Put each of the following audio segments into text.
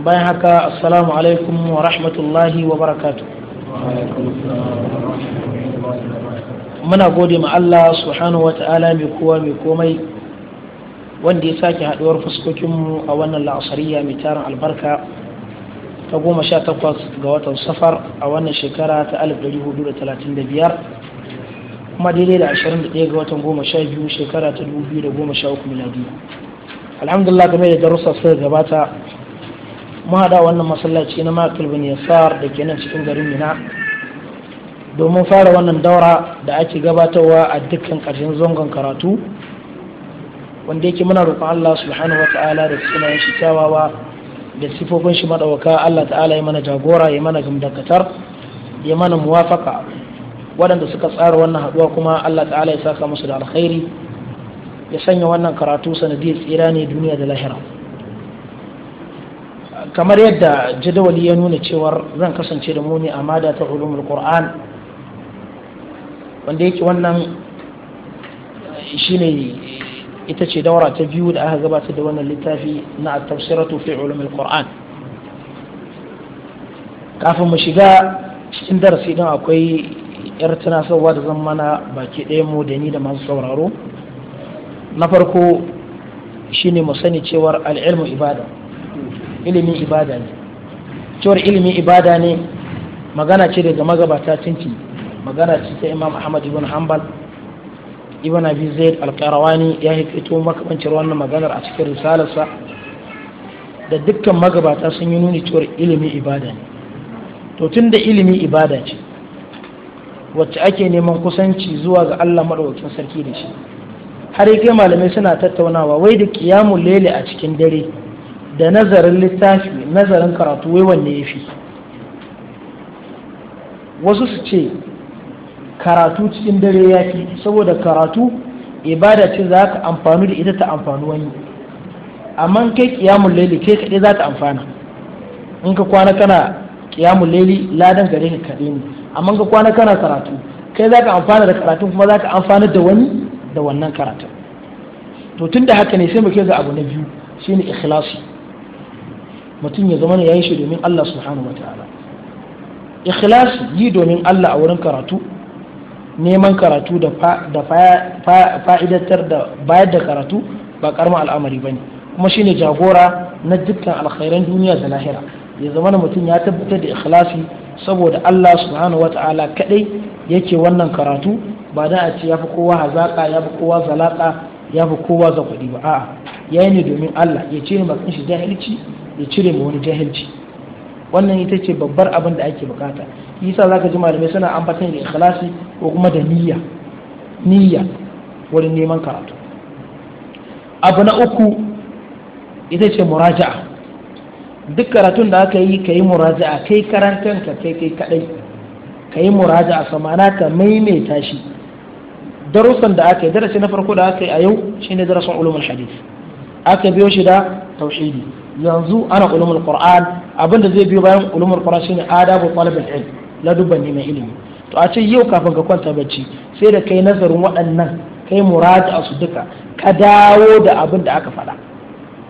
bayan haka assalamu alaikum wa rahmatullahi wa barakatu muna gode ma Allah subhanahu wa ta'ala mai kowa mai komai wanda ya sake haɗuwar fuskokinmu a wannan la'asariya mai tarin albarka ta goma sha takwas ga watan safar a wannan shekara ta 1435 kuma daidai da 21 ga watan goma sha biyu shekara ta 2013 miladi alhamdulillah game da darussa suka gabata mu hada wannan masallaci na makil bin yasar da ke nan cikin garin mina domin fara wannan daura da ake gabatarwa a dukkan karshen zangon karatu wanda yake muna roƙon Allah subhanahu wa ta'ala da sunayen shi kyawawa da sifofin shi madawaka Allah ta'ala ya mana jagora ya mana gamdakatar ya mana muwafaka waɗanda suka tsara wannan haɗuwa kuma Allah ta'ala ya saka musu da alkhairi ya sanya wannan karatu sanadiyar tsira ne duniya da lahira kamar yadda jadawali ya nuna cewar zan kasance da muni a mada ta ulumul qur'an wanda yake wannan shine ita ce daura ta biyu da aka gabata da wannan littafi na tafsiratu fi ulumul qur'an kafin mu shiga cikin darasi don akwai yar tunasarwa da zan mana baki ɗaya mu da ni da masu sauraro na farko shine mu sani cewar al'ilmu ibada ilimin ibada ne cewar ilimin ibada ne magana ce daga magabata cinci magana ce ta imam ahmad ibn hanbal ibn abi zaid al-qarawani ya hikito makamancin wannan maganar a cikin risalarsa da dukkan magabata sun yi nuni cewar ilimin ibada ne to tun da ilimi ibada ce wacce ake neman kusanci zuwa ga Allah maɗaukakin sarki da shi har kai malamai suna tattaunawa wai da kiyamun lele a cikin dare da nazarin littafi nazarin karatu wai wanne ya fi wasu su ce karatu cikin dare ya fi saboda karatu ibada ce za ka amfanu da ita ta amfani wani amma kai kiyamun laili kai kaɗai za ta amfana in ka kwana kana kiyamun laili ladan gare ka kaɗai ne amma ka kwana kana karatu kai za ka amfana da karatun kuma za ka amfana da wani da wannan karatun to tun da haka ne sai mu kai ga abu na biyu shine ikhlasi mutum ya zama ya yi shi domin Allah subhanahu wa ta'ala ikhlasi yi domin Allah a wurin karatu neman karatu da fa'idatar da bayar da karatu ba karma al'amari ba ne kuma shine jagora na dukkan alkhairan duniya da lahira ya zama mutum ya tabbatar da ikhlasi saboda Allah subhanahu kaɗai kadai yake wannan karatu ba da a ce ya fi kowa hazaka ya fi kowa zalaka ya fi kowa zakwadi ba a'a ya yi ne domin Allah ya ce ni bakin shi jahilci ya cire ma wani jahilci wannan ita ce babbar abin da ake bukata yasa ka ji malamai suna ambata da ikhlasi ko kuma da niyya niyya wurin neman karatu abu na uku ita ce muraja'a duk karatun da aka yi ka yi muraja'a kai karan ka kai kai kadai ka yi muraja'a samana ka maimaita shi darussan da aka yi darasi na farko da aka yi a yau shine darasin ulumul hadith aka biyo shi da tauhidi yanzu ana ulumul qur'an abinda zai biyo bayan ulumul qur'an shine adabu talabul ilm ne mai ilimi to a ce yau kafin ka kwanta bacci sai da kai nazarin waɗannan kai murata su duka ka dawo da abin aka faɗa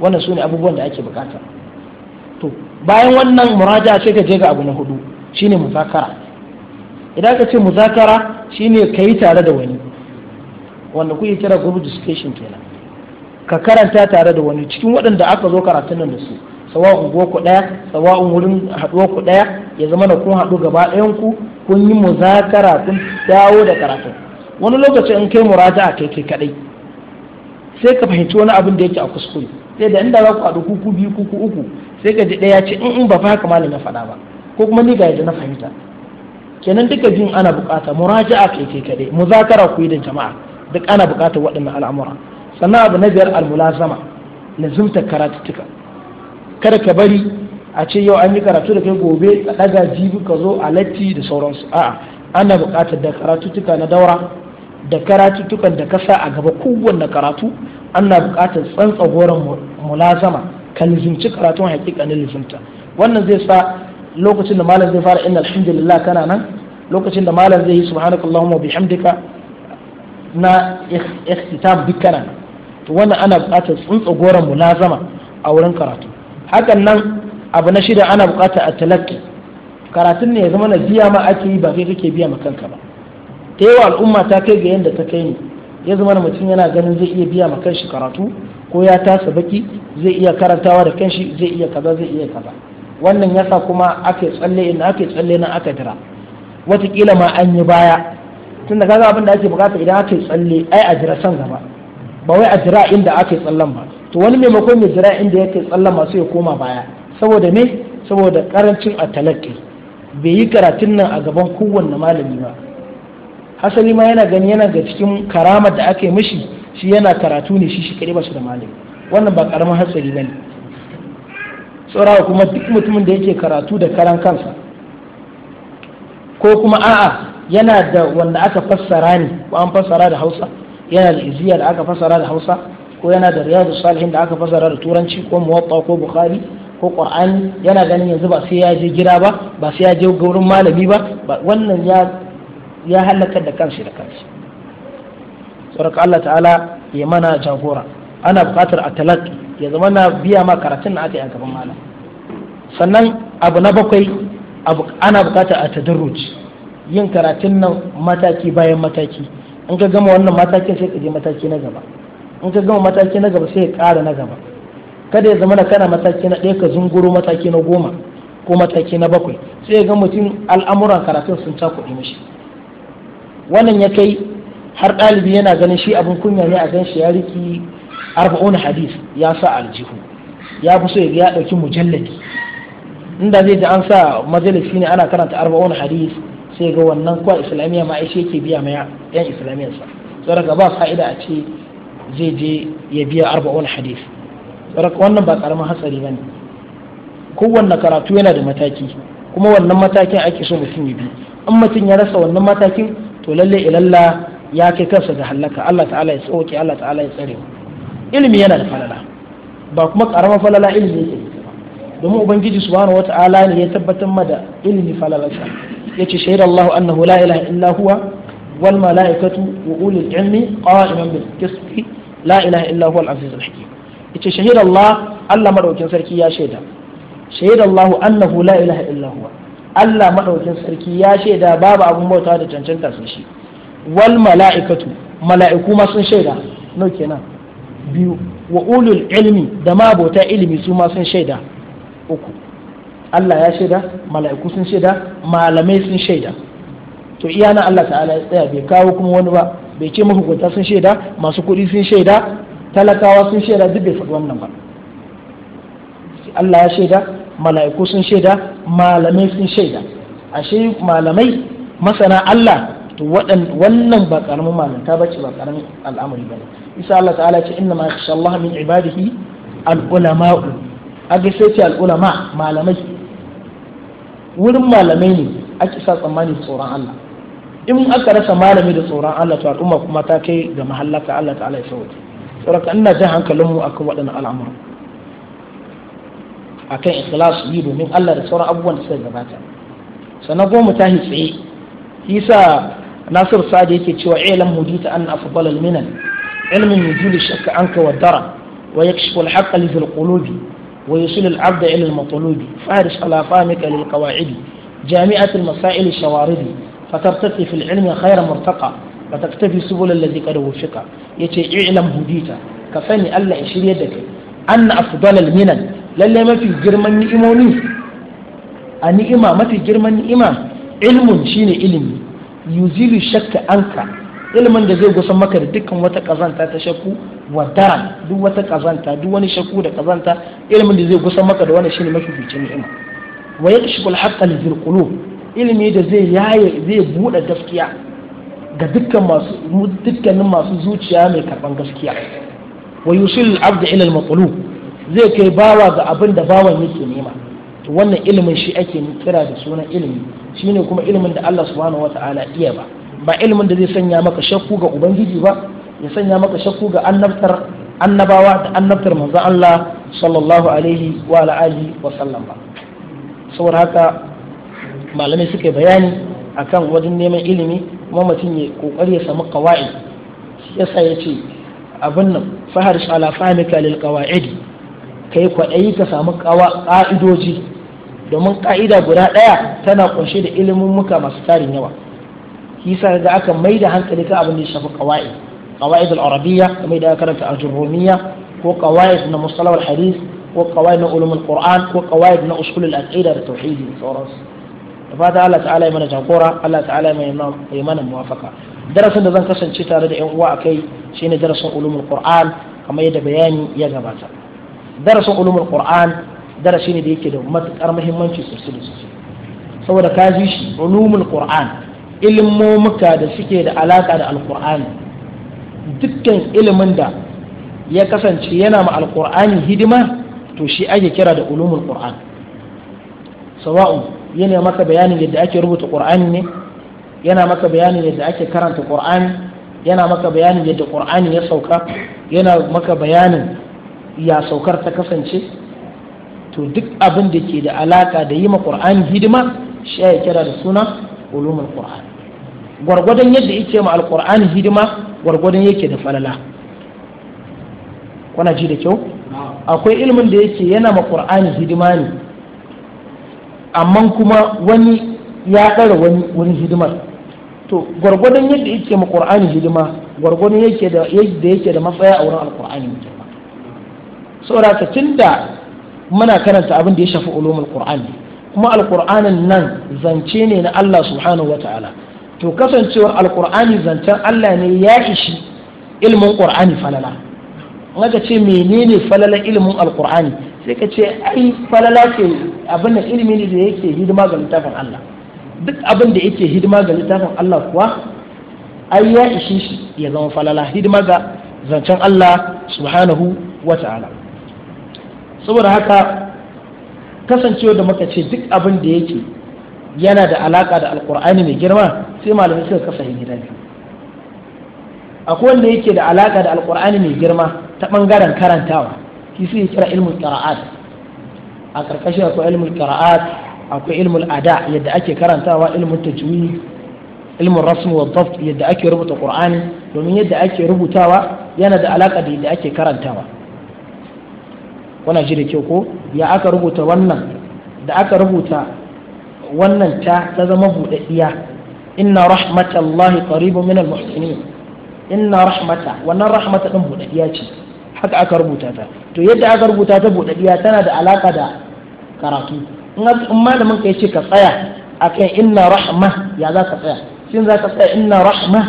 wannan su abubuwan da ake bukata to bayan wannan muraja sai ka je ga abu na hudu shine muzakara idan ka ce muzakara shine kai tare da wani wanda kuke kira group discussion kenan ka karanta tare da wani cikin waɗanda aka zo karatun nan da su sawa'un ku ɗaya sawa'un wurin haɗuwa ku ɗaya ya zama da kun haɗu gaba ɗayan ku kun yi muzakara kun dawo da karatun wani lokaci in kai muraja'a kai kai kaɗai sai ka fahimci wani abin da yake a kuskure sai da inda za ku haɗu kuku biyu kuku uku sai ka ji ɗaya ce in in ba fa kamar na faɗa ba ko kuma ni ga yadda na fahimta kenan duka jin ana bukata a kai kai kaɗai muzakara ku yi da jama'a duk ana bukatar waɗannan al'amura sannan abu na biyar almulazama lazumta karatuttuka kada ka bari a ce yau an yi karatu da kai gobe a daga jibi ka zo a latti da sauransu a'a ana buƙatar da karatuttuka na daura da karatuttukan da ka sa a gaba kowanne karatu ana buƙatar tsantsa goron mulazama ka lizimci karatun hakikanin lizimta wannan zai sa lokacin da malam zai fara ina alhamdulillah kana nan lokacin da malam zai yi subhanakallahumma bihamdika na ikhtitam dukkanan karatu wannan ana buƙatar tsuntsa goron mulazama a wurin karatu hakan nan abu na shida ana buƙatar a talaki karatun ne ya zama na biya ma ake yi ba kai kake biya ma kanka ba ta yawa al'umma ta kai ga yadda ta kai ni. ya zama na mutum yana ganin zai iya biya ma kanshi karatu ko ya tasa baki zai iya karantawa da kanshi zai iya kaza zai iya kaza wannan yasa kuma aka tsalle ina aka tsalle nan aka jira Wataƙila ma an yi baya tunda kaga abin da ake bukata idan aka yi tsalle ai a jira san gaba ba wai a jira inda aka yi tsallan ba to wani maimakon ya jira inda ya kai tsallan masu ya koma baya saboda me saboda karancin a bai yi karatun nan a gaban kowanne malami ba hasali ma yana gani yana ga cikin karamar da aka yi mishi shi yana karatu ne shi shi kaɗai ba shi da malami wannan ba karamin hatsari ba ne tsorawa kuma duk mutumin da yake karatu da karan kansa ko kuma a'a yana da wanda aka fassara ne ko an fassara da hausa yana da iziya da aka fasara da hausa ko yana da riyadu salihin da aka fasara da turanci ko muwatta ko bukhari ko qur'ani yana ganin yanzu ba sai ya je gida ba ba sai ya je gurin malami ba wannan ya ya halaka da kansa da kanshi sauraka Allah ta'ala ya mana jagora ana buƙatar a ya zama na biya ma karatun da aka yi a gaban malam sannan abu na bakwai ana bukatar a tadarruj yin karatun nan mataki bayan mataki in ka gama wannan matakin sai ka je mataki na gaba in ka gama mataki na gaba sai ya ƙara na gaba kada ya zama na kana mataki na ɗaya ka zunguro mataki na goma ko mataki na bakwai sai ya ga mutum al'amuran karatun sun ta kuɗi mishi wannan ya kai har ɗalibi yana ganin shi abin kunya ne a gan shi ya riki arba'un hadis ya sa aljihu ya fi so ya ɗauki mujalladi inda zai ji an sa majalisi ne ana karanta arba'un hadis sai ga wannan kwa islamiyya ma aishi yake biya ma yan islamiyyar sa saboda ba fa'ida a ce zai je ya biya arba'un hadith saboda wannan ba karamin hatsari ba ne. kowanne karatu yana da mataki kuma wannan matakin ake so mutum ya bi in mutum ya rasa wannan matakin to lalle ilalla ya kai kansa ga halaka Allah ta'ala ya tsoke Allah ta'ala ya tsare ilimi yana da falala ba kuma karamin falala ilimi yake domin ubangiji subhanahu wata'ala ne ya tabbatar ma da ilimi falalarsa yace shaida Allah annahu la ilaha illa huwa wal malaikatu wa ulul ilmi qa'iman bil qisti la ilaha illa huwa al aziz al hakim yace shaida Allah Allah madaukin sarki ya shaida shaida Allah annahu la ilaha illa huwa Allah madaukin sarki ya shaida babu abun bauta da cancanta sun shi wal malaikatu mala'iku ma sun shaida no kenan biyu wa ulul ilmi da ma bauta ilimi su ma sun shaida uku Allah ya shaida mala'iku sun shaida malamai sun shaida to iya na Allah ta'ala ya tsaya bai kawo kuma wani ba bai ce mahukunta sun shaida masu kuɗi sun shaida talakawa sun shaida duk bai faɗi wannan ba Allah ya shaida mala'iku sun shaida malamai sun shaida ashe malamai masana Allah to wannan ba karamin malanta ba ce ba karamin al'amari ba ne isa Allah ta'ala ce inna ma yakhsha Allah min ibadihi al-ulama'u aga sai ce al-ulama malamai wurin malamai ne ake sa tsammani tsoron Allah in aka rasa malami da tsoron Allah to al'umma kuma ta kai ga mahallaka Allah ta'ala ya sauke saboda ina jan hankalinmu akan waɗannan al'amura akan ikhlas yi domin Allah da sauran abubuwan da suka gabata sannan goma ta tsaye. yasa Nasir Sa'ad yake cewa ilam hudita an afdal al minan ilmin yujil shakka anka wa dara wa yakshifu al haqqa li qulubi ويوصل العبد إلى المطلوب فارس على فهمك للقواعد جامعة المسائل الشوارد فترتقي في العلم خير مرتقى وتكتفي سبل الذي قد وفق يتي اعلم هديتا كفني الله يشير يدك أن أفضل المنن للي ما في جرمان نئموني النئمة ما في جرمان نئمة علم شين علم يزيل الشك عنك ilimin da zai gusan maka da dukkan wata kazanta ta shakku wa duk wata kazanta duk wani shaku da kazanta ilimin da zai gusa maka da shi shine mafi fice ni'ima wa yakshiful haqqa lil Zirqulu ilimi da zai yaye zai bude gaskiya ga masu dukkanin masu zuciya mai karban gaskiya wa yusil abdu ila al zai kai bawa ga abin da bawan yake nema to wannan ilimin shi ake kira da sunan ilimi ne kuma ilimin da Allah subhanahu wataala iya ba ba ilimin da zai sanya maka shakku ga ubangiji ba ya sanya maka shakku ga annabtar annabawa da annabtar manzon Allah sallallahu alaihi wa alihi wa sallam ba saboda haka malamai suke bayani akan wajen neman ilimi kuma mutum ya kokari ya samu qawaid shi yasa yace abin nan faharish ala fahimika lil qawaid kai kwaɗayi ka samu ƙa'idoji domin ƙa'ida guda ɗaya tana ƙunshe da ilimin muka masu tarin yawa kisa ga aka mai da hankali ka abin da ya shafi ƙawa'i qawaid al-arabiyya kuma idan karanta al-jurumiyya ko qawaid na mustalah al-hadith ko qawaid na ulum al-qur'an ko qawaid na usul al da tauhidi da sauransu da fata Allah ta'ala ya mana jagora Allah ta'ala ya mana muwafaka darasin da zan kasance tare da yan uwa akai shine darasin ulumul qur'an kamar yadda bayani ya gabata darasin ulumul qur'an darasi ne da yake da matukar muhimmanci sosai sosai saboda ka ji shi ulumul qur'an ilmomuka da suke da alaka da alqur'ani dukkan ilimin da ya kasance yana ma alkur'ani hidima to shi ake kira da ulumul qur'an sawa'u yana maka bayanin yadda ake rubuta qur'ani ne yana maka bayanin yadda ake karanta qur'ani yana maka bayanin yadda qur'ani ya sauka yana maka bayanin ya saukar ta kasance to duk abin da ke da alaka da yi ma qur'ani hidima shi ya kira da suna ulumul qur'an gwargwadon yadda yake ma alkur'ani hidima gwargwadon yake da falala kuna ji da kyau akwai ilmin da yake yana ma qur'ani hidima ne amma kuma wani ya ɗara wani hidimar to gwargwadon yadda yake ma qur'ani hidima gwargwadon yake da yadda yake da matsaya a wurin alqur'ani mutum saboda da muna karanta abin da ya shafi ulumul qur'ani kuma alqur'anin nan zance ne na Allah subhanahu wataala to kasancewar alkur'ani zancen Allah ne ya ishi ilmin ƙur'ani falala wanda ce menene falala ilmin alkur'ani sai ka ce ai falala ke abin da ilimi ne da yake hidima ga littafin Allah duk abin da yake hidima ga littafin Allah kuwa ai ya ishi shi ya zama falala hidima ga zancen Allah subhanahu wa ta'ala saboda haka kasancewar da muka ce duk abin da yake yana da alaka da alkur'ani mai girma sai malamai suka kafa shi gida biyu akwai wanda yake da alaka da alkur'ani mai girma ta bangaren karantawa shi sai kira ilmul qira'at a karkashin akwai ilmul qira'at akwai ilmul ada yadda ake karantawa ilmul tajwid ilmin rasm wa dhabt yadda ake rubuta qur'ani domin yadda ake rubutawa yana da alaka da yadda ake karantawa wannan shi da kyau ko ya aka rubuta wannan da aka rubuta wannan ta ta zama buɗaɗɗiya inna rahmatallahi qaribun minal muhsinin inna rahmata wannan rahmata din budadiya haka aka rubuta ta to yadda aka rubuta ta budadiya tana da alaka da karatu in malamin ka yace ka tsaya akan inna rahma ya za ka tsaya shin za ka tsaya inna rahma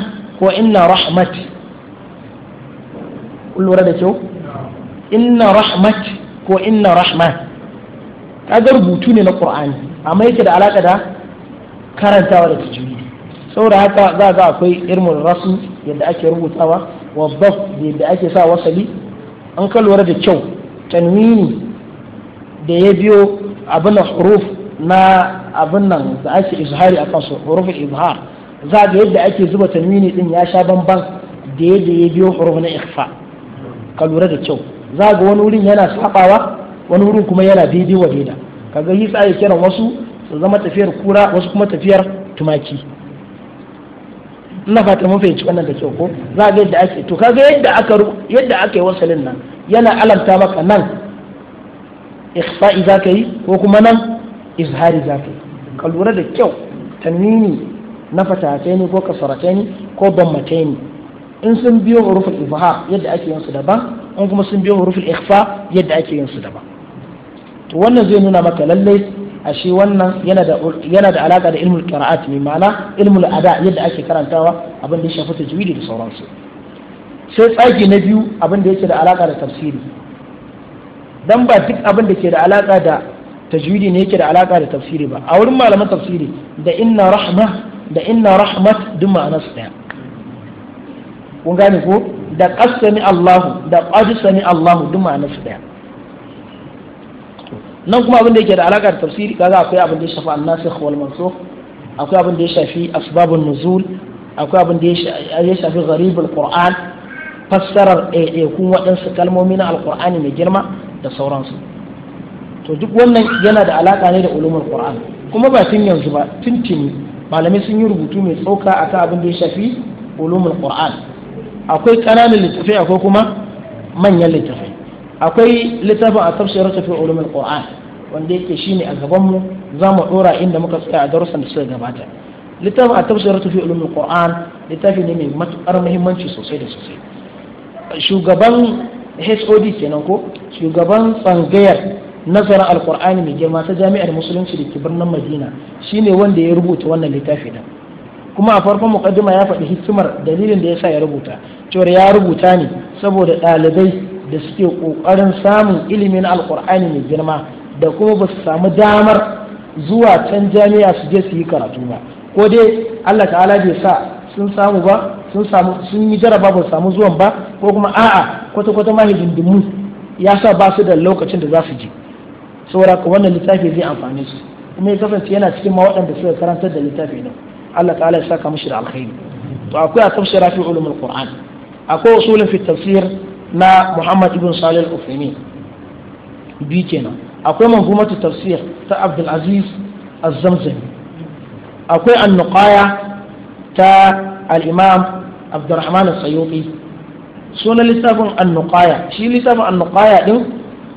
ko inna rahmati kun lura da kyau inna rahmat ko inna rahma ne na qur'ani amma yake da alaka da karantawa da saboda haka za a akwai irmul rasu yadda ake rubutawa wa bab yadda ake sa wasali an ka lura da kyau tanwini da ya biyo abin da huruf na abin nan da ake izhari a kansu huruf izhar za a yadda ake zuba tanwini din ya sha bamban da yadda ya biyo huruf na ikhfa ka lura da kyau za ga wani wurin yana sabawa wani wurin kuma yana daidai wa daida kaga yi tsaye kiran wasu su zama tafiyar kura wasu kuma tafiyar tumaki ina fata mun fahimci wannan da kyau ko za ga yadda ake to kaga yadda aka yadda aka yi wasalin nan yana alanta maka nan ihsa'i za ka yi ko kuma nan izhari za ka ka lura da kyau tanwini na fatatai ne ko kasaratai ne ko bammatai ne in sun biyo huruful ifha yadda ake yin su daban in kuma sun biyo huruful ikhfa yadda ake yin su daban to wannan zai nuna maka lallai ashe wannan yana da alaƙa da alaka da ilmul qira'at mai ma'ana ilmul ada yadda ake karantawa abin da ya shafi tajwidi da sauransu sai tsaki na biyu abin da yake da alaƙa da tafsiri dan ba duk abin da ke da alaƙa da tajwidi ne yake da alaƙa da tafsiri ba a wurin malaman tafsiri da inna rahma da inna rahmat duk ma'anar su daya kun gane ko da qad sami Allahu da qad sami Allahu duk ma'anar su daya nan kuma abin da yake da alaka da tafsiri kaga akwai abin da ya shafi annasikh wal mansukh akwai abin da ya shafi asbabun nuzul akwai abin da ya shafi gharibul qur'an fassarar kun waɗansu kalmomi na alqur'ani mai girma da sauransu to duk wannan yana da alaka ne da ulumul qur'an kuma ba tun yanzu ba tun tuni malamai sun yi rubutu mai tsoka akan abin da ya shafi ulumul qur'an akwai ƙananan littafai akwai kuma manyan littafai akwai littafin a tafsirar fi ulumin qur'an wanda yake shi ne a gabanmu mu za mu ɗora inda muka tsaya a darussan da suka gabata littafin a tafsirar fi ulumin qur'an littafi ne mai matukar muhimmanci sosai da sosai shugaban HOD kenan ko shugaban tsangayar nazarin alkur'ani mai girma ta jami'ar musulunci da ke birnin madina shine wanda ya rubuta wannan littafi din kuma a farkon mukaddima ya faɗi hikimar dalilin da ya sa ya rubuta cewar ya rubuta ne saboda ɗalibai da suke ƙoƙarin samun ilimin alƙur'ani mai girma da kuma ba su samu damar zuwa can jami'a su je su yi karatu ba ko dai Allah ta'ala bai sa sun samu ba sun samu sun yi jaraba ba samu zuwan ba ko kuma a'a kwata kwata ma hidindimu ya sa ba su da lokacin da za su je saboda ka wannan littafi zai amfane su kuma ya kasance yana cikin ma waɗanda suka karantar da littafi nan Allah ta'ala ya saka mushi da alkhairi to akwai a tafsira fi ulumul qur'an akwai usulun fi tafsir na Muhammad ibn Salih al bi kenan akwai manhumatu tafsir ta Abdul Aziz akwai annuqaya ta al-Imam Abdurrahman as sunan littafin an shi lissafin annuqaya din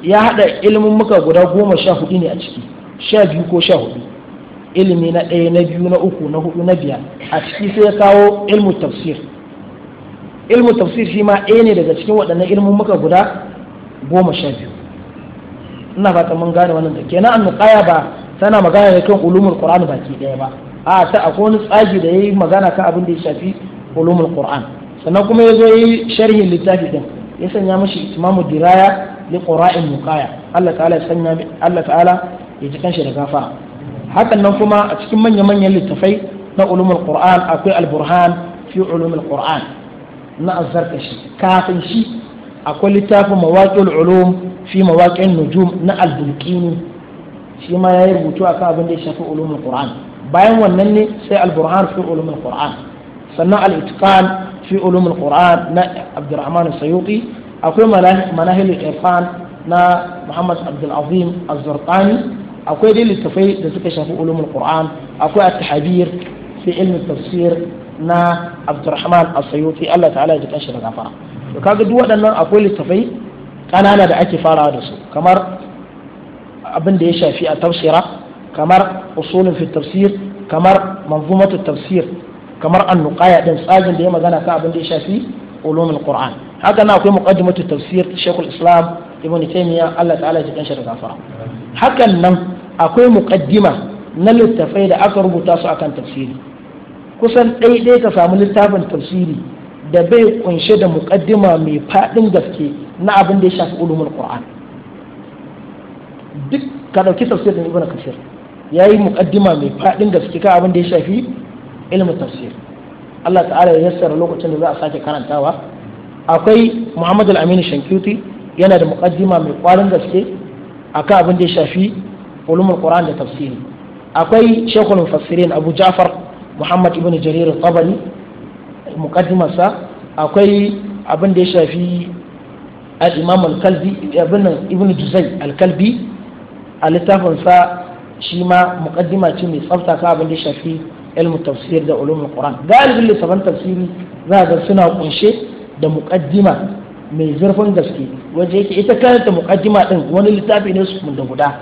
ya hada ilimin muka guda goma sha hudu ne a ciki sha biyu ko sha hudu ilimi na ɗaya na biyu na uku na hudu na biyar a ciki sai ya kawo ilmu tafsir ilmu tafsir shi ma ɗaya ne daga cikin waɗannan ilmin muka guda goma sha biyu ina fata mun gane wannan da kenan an nuƙaya ba tana magana da kan ulumul qur'an baki ɗaya ba a ta akwai wani tsagi da yayi magana kan abin da ya shafi ulumul qur'an sannan kuma ya zo yayi sharhin littafi din ya sanya mashi itmamu diraya li qura'in nuqaya Allah ta'ala ya sanya Allah ta'ala ya ji kanshi da gafara hakan nan kuma a cikin manya-manyan littafai na ulumul qur'an akwai al-burhan fi ulumul qur'an ما أزرك شيء كاتن شيء أقول تاب مواقع العلوم في مواقع النجوم نقل البلكيني شيء ما يعرف وتو أكابن ليش في علوم القرآن بين ونني سي البرهان في علوم القرآن سنا الإتقان في علوم القرآن نا عبد الرحمن السيوطي أقول مناهي مناهي الإرفان نا محمد عبد العظيم الزرقاني أقول دي اللي تفيد في علوم القرآن أقول التحبير في علم التفسير na abdurrahman as-sayuti Allah ta'ala ya ji kanshi da gafara to kaga duk waɗannan akwai littafai ƙanana da ake farawa da su kamar abin da ya shafi a tafsira kamar usulun fi tafsir kamar manzumatu tafsir kamar annuqaya din tsagin da ya magana kan abin da ya shafi ulumul qur'an haka na akwai muqaddimatu tafsir shaykhul islam ibn taymiya Allah ta'ala ya ji kanshi da gafara hakan nan akwai muqaddima na littafai da aka rubuta su akan tafsiri kusan ɗaiɗai ka samu littafin tafsiri da bai kunshe da muƙaddima mai faɗin gaske na abin da ya shafi ulumul qur'an duk ka ɗauki tafsirin ibn kasir ya yi muƙaddima mai faɗin gaske kan abin da ya shafi ilmin tafsir Allah ta'ala ya yassara lokacin da za a sake karantawa akwai Muhammadu al-Amin Shankuti yana da muƙaddima mai kwarin gaske a akan abin da ya shafi ulumul Qur'an da tafsiri akwai Sheikhul Mufassirin Abu Ja'far muhammad ibn jarir al-tabari muqaddimarsa akwai abin da ya shafi al-imam al-kalbi ibn juzai al-kalbi a littafinsa shi ma muqaddima ce mai tsafta ka abin da ya shafi ilmu tafsir da ulumul quran galibin littafan tafsiri za ga suna kunshe da muqaddima mai zurfin gaske waje yake ita kanta muqaddima din wani littafi ne su da guda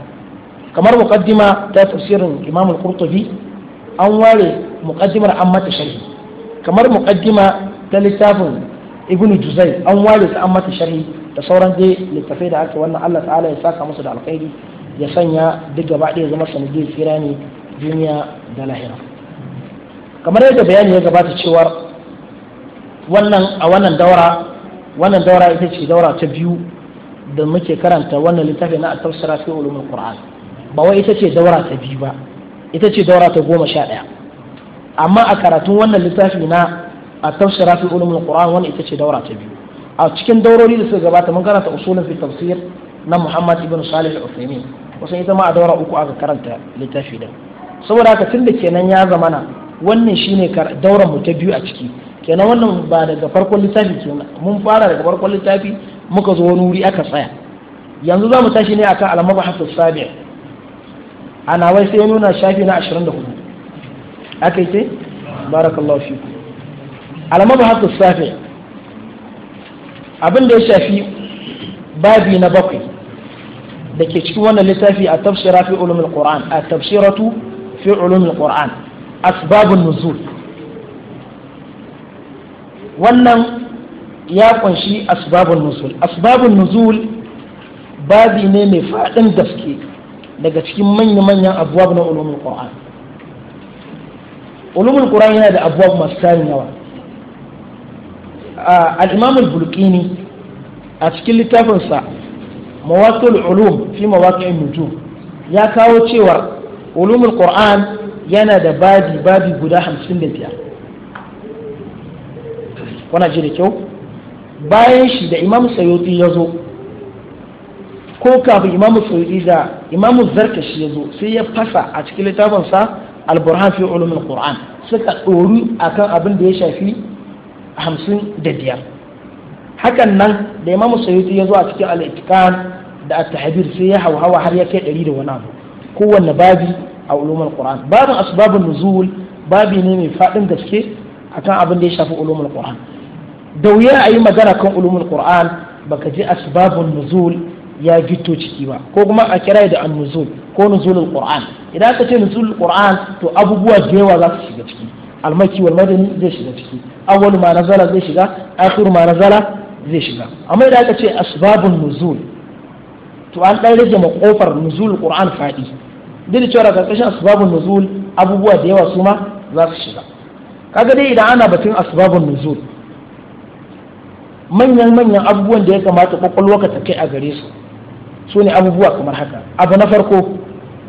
kamar muqaddima ta tafsirin imam al-qurtubi an ware muqaddimar an mata sharhi kamar muqaddima ta littafin ibnu juzai an ware su an mata sharhi da sauran dai littafai da aka wannan Allah ta'ala ya saka musu da alkhairi ya sanya duk gaba ɗaya zama sanadiyar tsira ne duniya da lahira kamar yadda bayani ya gabata cewar wannan a wannan daura wannan daura ita ce daura ta biyu da muke karanta wannan littafi na tafsira fi ulumul qur'an ba wai ita ce daura ta biyu ba ita ce daura ta goma sha ɗaya amma a karatun wannan littafi na a tafsira fi ulumul qur'an wannan ita ce daura ta biyu a cikin daurori da suka gabata mun karanta usulun fi tafsir na Muhammad ibn Salih al-Uthaymeen wasan ita ma a daura uku aka karanta littafi din saboda haka tun da kenan ya zama zamana wannan shine daura mu ta biyu a ciki kenan wannan ba daga farkon littafi kenan mun fara daga farkon littafi muka zo wani wuri aka tsaya yanzu za mu tashi ne akan al-mabahathus sabi' a nawai sai ya nuna shafi na 24 aka yi ce barakallahu fi almaba haka safi abin da ya shafi babi na bakwai da ke cikin wannan littafi a tafsira fi ulumin qur'an a tafsiratu fi ulumin qur'an asbabun nuzul wannan ya kunshi asbabun nuzul asbabun nuzul babi ne mai faɗin gaske daga cikin manya-manyan abuwa na ulumul qur'an ulumul qur'an yana da abuwa masu tarin yawa al a cikin littafinsa mawatul ulum fi mawaqi'in nujum ya kawo cewa ulumul qur'an yana da babi babi guda hamsin da biyar wana ji da kyau bayan shi da imam sayuti ya zo ko kafin imamu tsoyi da imamu zarkashi ya zo sai ya fasa a cikin littafinsa al-burhan fi ulumul qur'an suka dori akan abin da ya shafi hamsin da biyar hakan nan da imamu sayyidi ya zo a cikin al da at-tahbir sai ya hawa har ya kai ɗari da wani abu kowanne babi a ulumul qur'an babin asbabun nuzul babi ne mai fadin gaske akan abin da ya shafi ulumul qur'an da wuya a yi magana kan ulumul qur'an baka ji asbabun nuzul ya gito ciki ba ko kuma a kira da annuzul ko nuzulul qur'an idan aka ce nuzulul qur'an to abubuwa da yawa za su shiga ciki almaki wal madani zai shiga ciki awwal ma nazala zai shiga akhir ma nazala zai shiga amma idan aka ce asbabun nuzul to an dai rage ma kofar nuzulul qur'an fadi duk da cewa kashin asbabun nuzul abubuwa da yawa su ma za su shiga kaga dai idan ana batun asbabun nuzul manyan manyan abubuwan da ya kamata kwakwalwa ka ta kai a gare su su ne abubuwa kamar haka abu na farko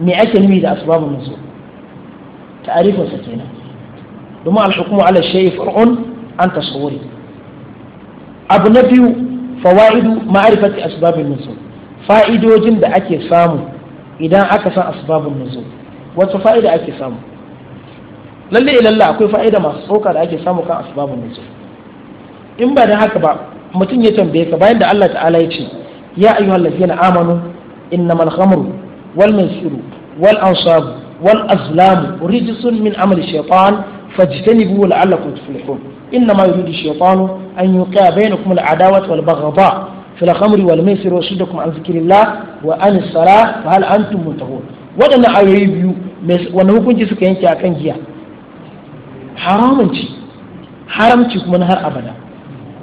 me ake nufi da asbabun nuzul ta'arifin sa kenan domin al-hukmu ala shay'i far'un an tasawuri abu na biyu fawaidu ma'arifati asbabun nuzul fa'idojin da ake samu idan aka san asbabun nuzul wata fa'ida ake samu lalle ilalla akwai fa'ida masu tsoka da ake samu kan asbabun nuzul in ba da haka ba mutum ya tambaye ka bayan da Allah ta'ala ya ce ya ayyuhal ladina amanu innamal khamru wal maisiru wal ansab wal azlam rijsun min amali shaytan fajtanibuhu la'allakum tuflihun إنما يريد الشيطان أن يوقع بينكم العداوة والبغضاء في الخمر والميسر ويصدكم عن ذكر الله وعن الصلاة فهل أنتم منتهون waɗannan ayoyi biyu wani hukunci suka yanke a kan giya haramanci haramci kuma na har abada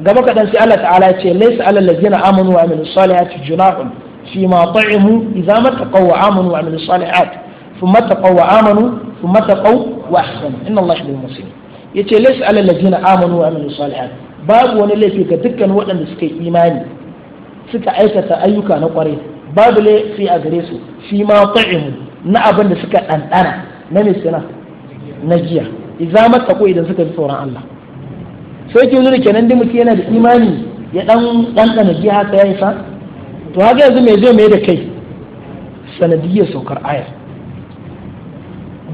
gaba kaɗan sai Allah ta'ala ya ce laisa alal ladzina amanu wa amilus salihati junahun fi ma ta'imu idza mattaqaw wa amanu wa amilus salihati thumma taqaw wa amanu thumma taqaw wa ahsanu inna Allah yuhibbul muhsinin yace laisa alal ladzina amanu wa amilus salihati babu wani laifi ga dukkan waɗanda suka yi imani suka aikata ayyuka na kwarai babu laifi a gare su fi ma ta'imu na abin da suka ɗanɗana na mai na giya idza mattaqu idan suka ji tsoron Allah sai ke nuna kenan da mutum yana da imani ya dan ɗanɗana giya haka ya sa? to haka yanzu mai zai mai da kai sanadiyyar saukar ayar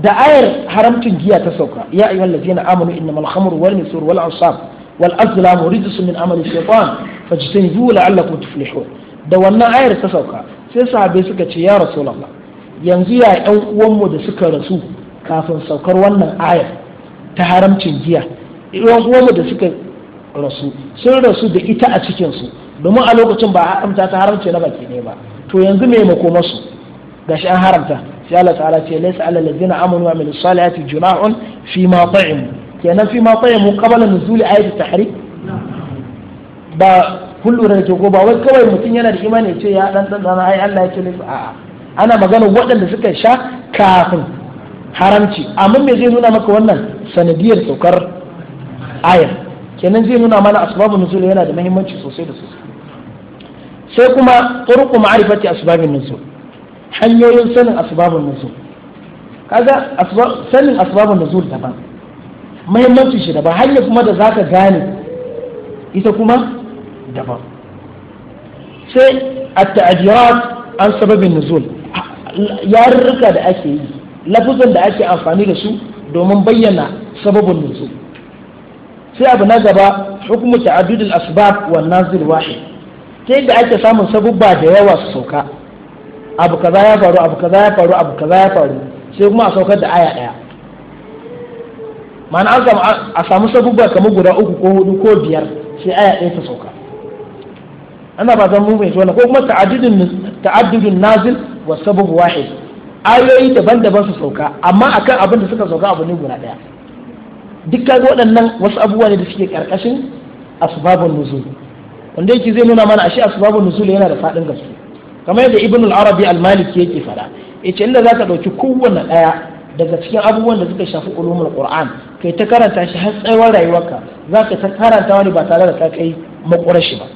da ayar haramcin giya ta sauka ya ayyuhal ladzina amanu innamal khamru wal maisir wal ansab wal azlam rijsun min amali shaytan fajtanibu la'allakum tuflihun da wannan ayar ta sauka sai sahabai suka ce ya rasulullah yanzu ya yan uwanmu da suka rasu kafin saukar wannan ayar ta haramcin giya yan uwanmu da suka rasu sun rasu da ita a cikinsu domin a lokacin ba a haramta ta haramce na baki ne ba to yanzu me makoma ga gashi an haramta sai Allah ta'ala ce laysa alal ladzina amanu wa amilus salihati junahun fi ma ta'im kenan fi ma ta'im qabla nuzuli ayati tahrim ba kullu da ke ba wai kawai mutum yana da imani ce ya dan dan dan ai Allah ya ce laysa a'a ana magana waɗanda suka sha kafin haramci amma me zai nuna maka wannan sanadiyar saukar ayar kenan zai nuna mana asbabun nuzul yana da muhimmanci sosai da sosai sai kuma turqu ma'rifati asbabun nuzul hanyoyin sanin asbabun nuzul kaga sanin asbabun nuzul daban muhimmancin shi daban hanya kuma da zaka gane ita kuma daban sai at-ta'jirat an sababin nuzul yarurruka da ake yi lafuzan da ake amfani da su domin bayyana sababin nuzul sai abu na gaba hukumu ta'addudul asbab wa nazil wahid ta yadda ake samun sabubba da yawa su sauka abu kaza ya faru abu kaza ya faru abu kaza ya faru sai kuma a saukar da aya daya ma'ana a samu sabubba kamar guda uku ko hudu ko biyar sai aya ɗaya ta sauka ana ba zan mun wannan ko kuma ta'addudun ta'addudun nazil wa sabab wahid ayoyi daban-daban su sauka amma akan abin da suka sauka abu ne guda daya duk waɗannan wasu abubuwa ne da suke ƙarƙashin asbabun nuzul wanda yake zai nuna mana ashe asbabun nuzul yana da faɗin gaske kamar yadda ibn al-arabi al-maliki yake fada yace inda zaka dauki kowanne ɗaya daga cikin abubuwan da suka shafi ulumul qur'an kai ta karanta shi har tsawon rayuwarka zaka ta karanta wani ba tare da ka kai makwarashi ba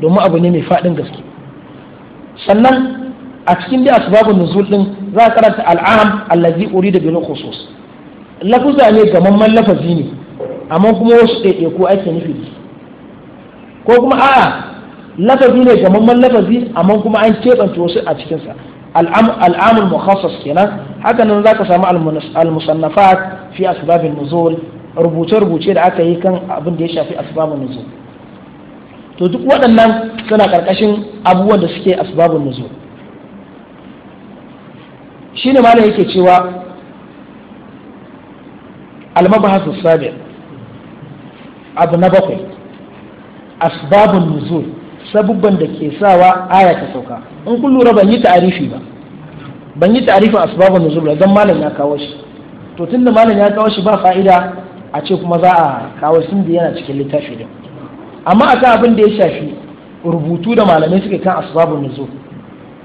domin abu ne mai faɗin gaske sannan a cikin da asbabun nuzul din za ka karanta al'am allazi urida bil khusus lafuza ne gamamman lafazi ne amma kuma wasu ko ake nufi ko kuma a'a lafazi ne gamamman lafazi amma kuma an keɓance wasu a cikinsa al'amun mukhassas kenan haka nan zaka samu al-musannafat fi asbabin nuzul rubuce-rubuce da aka yi kan abin da ya shafi asbabun nuzul to duk waɗannan suna ƙarƙashin abubuwan da suke asbabun nuzul shine malam yake cewa المبحث السابع abu na bakwai asibabin nuzul sabubban da ke sawa aya ta sauka in kun lura ban yi ta'arifi ba ban yi ta'arifin asibabin nuzul ba dan malam ya kawo shi to tun da malam ya kawo shi ba fa'ida a ce kuma za a kawo sun da yana cikin littafi din amma akan abin da ya shafi rubutu da malamai suke kan asibabin nuzul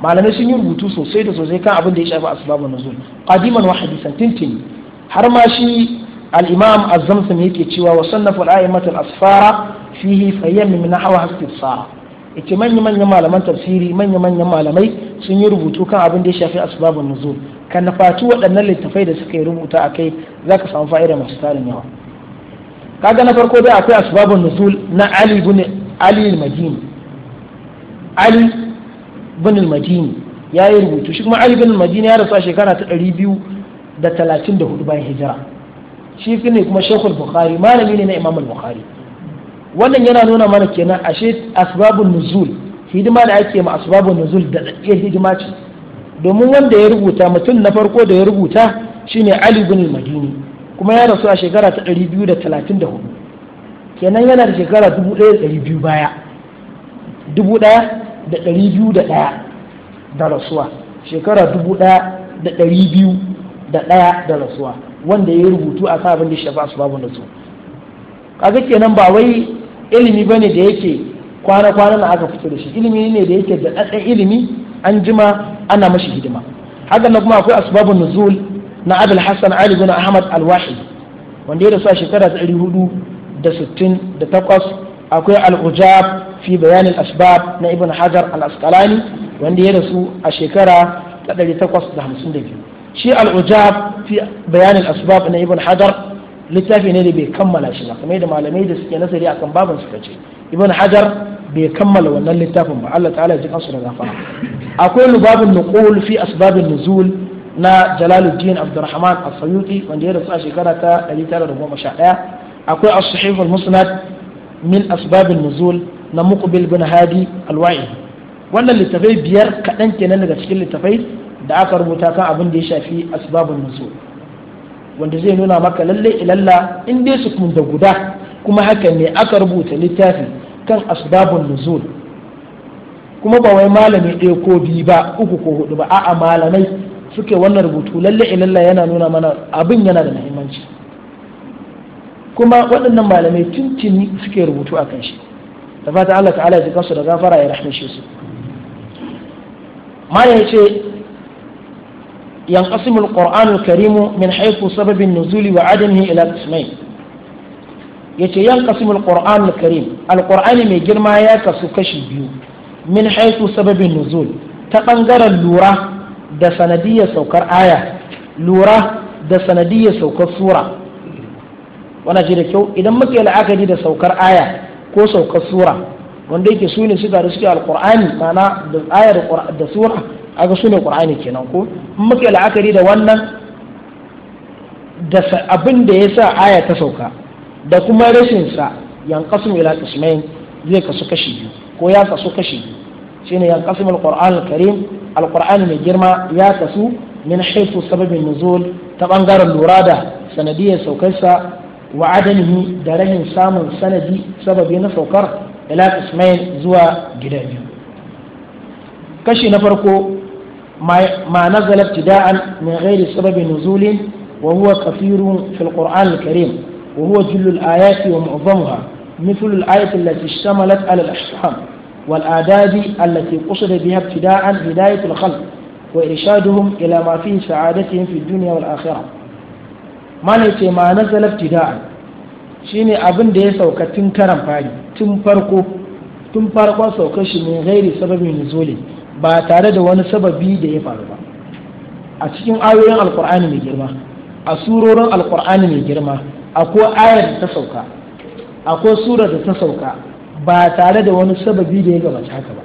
malamai sun yi rubutu sosai da sosai kan abin da ya shafi asibabin nuzul qadiman wa hadisan tintini har ma shi al-imam az-zamzam yake cewa wasu sannafa al-a'immat al-asfara fihi na hawa nahwa hasbisara ita manya manyan malaman tafsiri manya manyan malamai sun yi rubutu kan abin da ya shafi asbabun nuzul kan nafaci waɗannan littafai da suka yi rubuta akai zaka samu fa'ida masu tarin yawa kaga na farko dai akwai asbabun nuzul na ali ibn ali ya yi rubutu shi kuma ali ibn al-madini ya rasu a shekara ta 234 bayan hijira shi ne kuma shekul bukhari malami ne na imamul bukhari wannan yana nuna mana kenan ashe asbabun nuzul hidima da ake ma asbabun nuzul da tsakiyar hidima ce domin wanda ya rubuta mutum na farko da ya rubuta shine ne bin madini kuma ya rasu a shekara ta 234 kenan yana da shekara 1200 baya 1201 da rasuwa shekara 1201 da rasuwa wanda ya rubutu a kan abin da ya shafi asbabun nuzul kaga kenan ba wai ilimi bane da yake kwana kwana na aka fito da shi ilimi ne da yake da tsatsen ilimi an jima ana mashi hidima haka na kuma akwai asbabun nuzul na Abul Hassan Ali bin Ahmad Al-Wahidi wanda ya rasu a shekara ta takwas akwai Al-Ujab fi bayanin asbab na Ibn Hajar Al-Asqalani wanda ya rasu a shekara ta biyu. shi al'ujab fi bayanin asbab na ibn hadar littafi ne da bai kammala shi ba kamar da malamai da suke nasari akan babin suka ce ibn hajar bai kammala wannan littafin ba Allah ta'ala ya ji kansu da gafara akwai lubabin nuqul fi asbabin nuzul na Jalaluddin Abdurrahman As-Sayuti wanda ya rasu a shekara ta 1911 akwai as-sahih al-musnad min asbabin nuzul na Muqbil bin Hadi al-Wa'i wannan littafai biyar kaɗan kenan daga cikin littafai da aka rubuta kan abin da ya shafi asbabun nuzu wanda zai nuna maka lalle ilalla in dai su kun da guda kuma haka ne aka rubuta littafi kan asbabun nuzul kuma ba wai malami ɗaya ko biyu ba uku ko hudu ba a'a malamai suke wannan rubutu lalle ilalla yana nuna mana abin yana da muhimmanci kuma waɗannan malamai tuntuni suke rubutu a kan shi da fata Allah ta'ala ya ji kansu da gafara ya rahmishe su ma ya ce ينقسم القرآن الكريم من حيث سبب النزول وعدمه إلى قسمين yace yan qasimul qur'an karim alqur'ani mai girma ya kasu kashi biyu min haitu sababin nuzul ta bangaren lura da sanadiyar saukar aya lura da sanadiyar saukar sura wannan ce kyau idan muka la'akari da saukar aya ko saukar sura wanda yake su ne suka da suke alqur'ani mana da ayar da sura Aga su ne ƙur'ani kenan ko in muka la'akari da wannan da abin da ya sa aya ta sauka da kuma rashin sa yanqasim ila qismain zai kasu kashi biyu ko ya kasu kashi biyu shine yanqasim alquran alkarim alqur'an mai girma ya kasu min haythu sababin nuzul ta bangaren lura da sanadiyar saukarsa wa adamihi da rahin samun sanadi sababi na saukar ila qismain zuwa gida biyu kashi na farko ما نزل ابتداء من غير سبب نزول وهو كثير في القرآن الكريم وهو جل الآيات ومعظمها مثل الآية التي اشتملت على الأحكام والآداب التي قصد بها ابتداء هداية الخلق وإرشادهم إلى ما فيه سعادتهم في الدنيا والآخرة ما نيتي ما نزل ابتداء شيني أبن دي سوكا تنكرم فاجي تنفرقو تنفرقو سوكا من غير سبب نزول ba tare da wani sababi da ya faru ba a cikin ayoyin alkur'ani mai girma a surorin alkur'ani mai girma akwai ayar da ta sauka akwai surar da ta sauka ba tare da wani sababi da ya gaba haka ba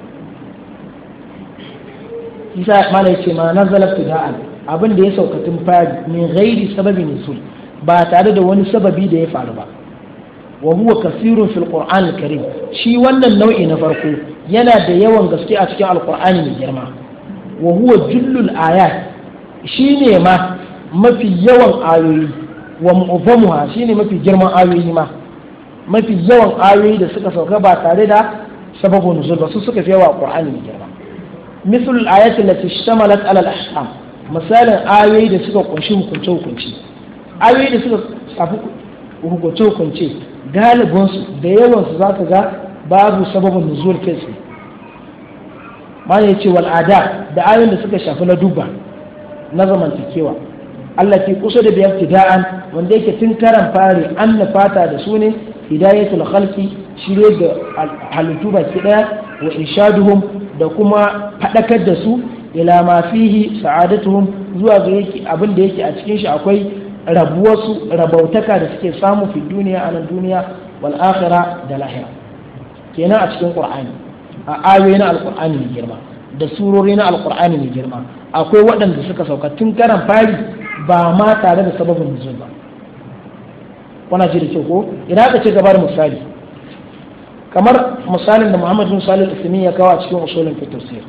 isa mana ce ma nazala tida'an abin da ya sauka tun fari min gairi sababi sun. ba tare da wani sababi da ya faru ba wa huwa kasirun fil qur'an karim shi wannan nau'i na farko yana da yawan gaske a cikin alkur'ani mai girma wa huwa jullul ayat shine ma mafi yawan ayoyi wa mu'azzamuha shine mafi girman ayoyi ma mafi yawan ayoyi da suka sauka ba tare da sababu nuzul ba su suka fi yawa alkur'ani mai girma mislul ayat allati ishtamalat ala ahkam misalin ayoyi da suka kunshi hukunce hukunci ayoyi da suka shafi hukunce hukunce galibinsu da yawansu za ka ga babu sababin nuzul kai mana yace wal da ayoyin da suka shafi na duba na zamantakewa Allah ke kusa da biyar tida'an wanda yake tun karan fari an fata da su ne hidayatul khalqi shirye da halittu baki daya wa inshaduhum da kuma fadakar da su ila ma fihi sa'adatuhum zuwa ga yake abin da yake a cikin shi akwai rabuwarsu rabautaka da suke samu fi duniya a nan duniya wal akhirah da lahira kenan a cikin qur'ani a ayoyi na alqur'ani mai girma da surori na alqur'ani mai girma akwai waɗanda suka sauka tun karan fari ba ma tare da sababin nuzul ba wana ji da ke ko idan aka ce gaba da misali kamar misalin da Muhammad bin Salih al ya kawo a cikin usulin fiqh tafsir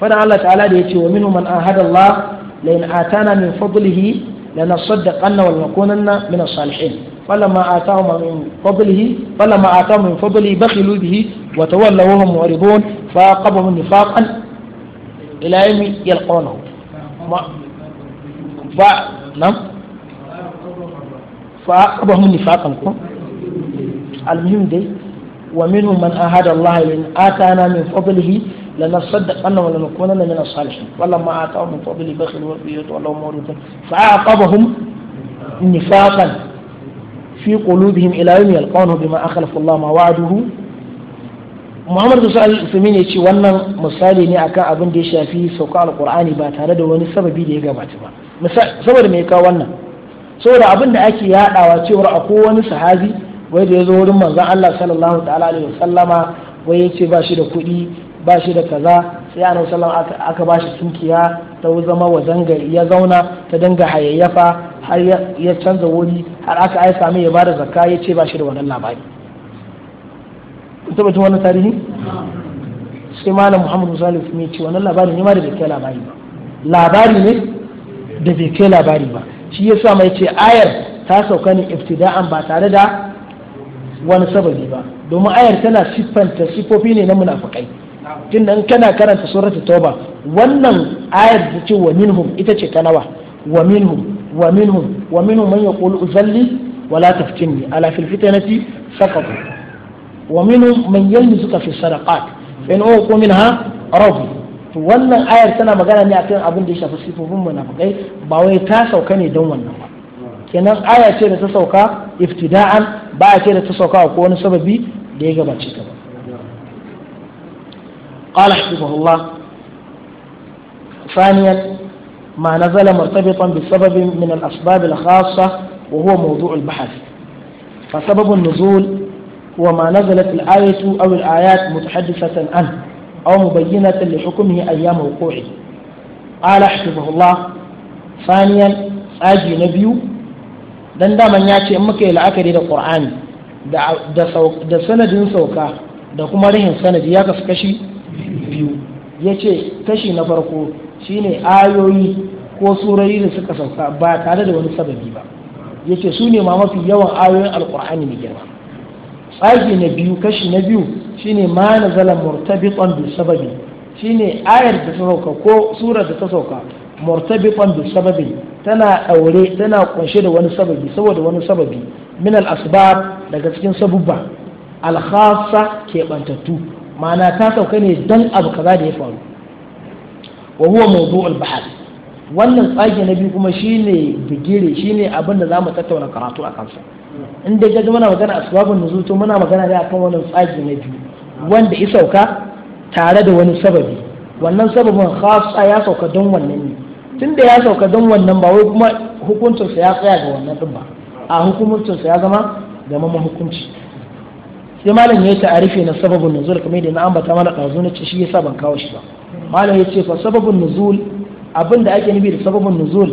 fadan Allah ta'ala da yace wa minhum man ahada Allah la in atana min fadlihi lanasaddaqanna wa lanakunanna min as-salihin فلما آتاهم من فضله فلما آتاهم من فضله بخلوا به وتولوا وهم معرضون فعاقبهم نفاقا إلى يوم يلقونه ف... نعم فعاقبهم نفاقا المهم دي ومنهم من أهاد الله لأن آتانا من فضله لنصدقن ولنكونن من الصالحين ولما آتاهم من فضله بخلوا به وتولوا معرضون فعاقبهم نفاقا fi qulubihim ila yawmi bima akhlafa Allah ma wa'aduhu Muhammad Musa al-Usaimin ya ce wannan misali ne akan abin da ya shafi sauka alqur'ani ba tare da wani sababi da ya gabata ba saboda me ka wannan saboda abin da ake yadawa cewar akwai wani sahabi wai ya zo wurin manzon Allah sallallahu ta'ala alaihi wasallama wai ya ba shi da kuɗi ba shi da kaza sai annabi sallan aka ba shi sunkiya ta zama wa zanga ya zauna ta dinga hayayyafa har ya canza wuri har aka ai sami ya bada zakka ya ce ba shi da wannan labari tabbacin wannan tarihi sai malam muhammadu salih yi ce wannan labari ne ma da bai kai labari ba labari ne da bai kai labari ba shi ya sa mai ce ayar ta sauka ne ibtida'an ba tare da wani sababi ba domin ayar tana siffanta sifofi ne na munafukai tunda in kana karanta suratul toba. wannan ayar da ce wa minhum ita ce ta nawa wa minhum wa minhum wa minhum man yaqulu uzalli wa la taftinni ala fil fitnati saqatu wa minhum man yalmizuka fi sadaqat in huwa minha rabi to wannan ayar tana magana ne akan abin da ya shafi sifofin munafikai ba wai ta sauka ne don wannan ba kenan aya ce da ta sauka iftida'an ba ce da ta sauka ko wani sababi da ya gabace ta ba قال حفظه الله ثانيا ما نزل مرتبطا بسبب من الأسباب الخاصة وهو موضوع البحث فسبب النزول هو ما نزلت الآية أو الآيات متحدثة عنه أو مبينة لحكمه أيام وقوعه قال حفظه الله ثانيا أجي نبيو دن دا من ياتي أمك إلى yi la'akari da دا, da sanadin sauka da kuma rahin sanadi biyu ya ce kashi na farko shine ayoyi ko surayi da suka sauka ba tare da wani sababi ba ya ce su ne ma mafi yawan ayoyin alkur'ani mai girma Tsaki na biyu kashi na biyu shine ma na zala murtabitan bi sababi shine ayar da ta sauka ko surar da ta sauka murtabitan bi sababi tana aure tana kunshe da wani sababi saboda wani sababi min al daga cikin sabubba al khassa ke bantattu ma'ana ta sauka ne don abu kaza da ya faru wa huwa al bahar wannan tsage na biyu kuma shine bigire shine abin da zamu tattauna karatu a kansa in dai ga muna magana asbabun nuzul to muna magana ne akan wannan tsage na biyu wanda ya sauka tare da wani sababi wannan sababin khassa ya sauka don wannan ne tunda ya sauka don wannan ba wai kuma hukuncinsa ya tsaya ga wannan din ba a hukuncinsa ya zama gama hukunci sai malam ya ta arife na sababin nuzul kamar yadda na ambata mana ɗazu na ce shi yasa ban kawo shi ba malam ya ce fa sababin nuzul abin da ake nufi da sababin nuzul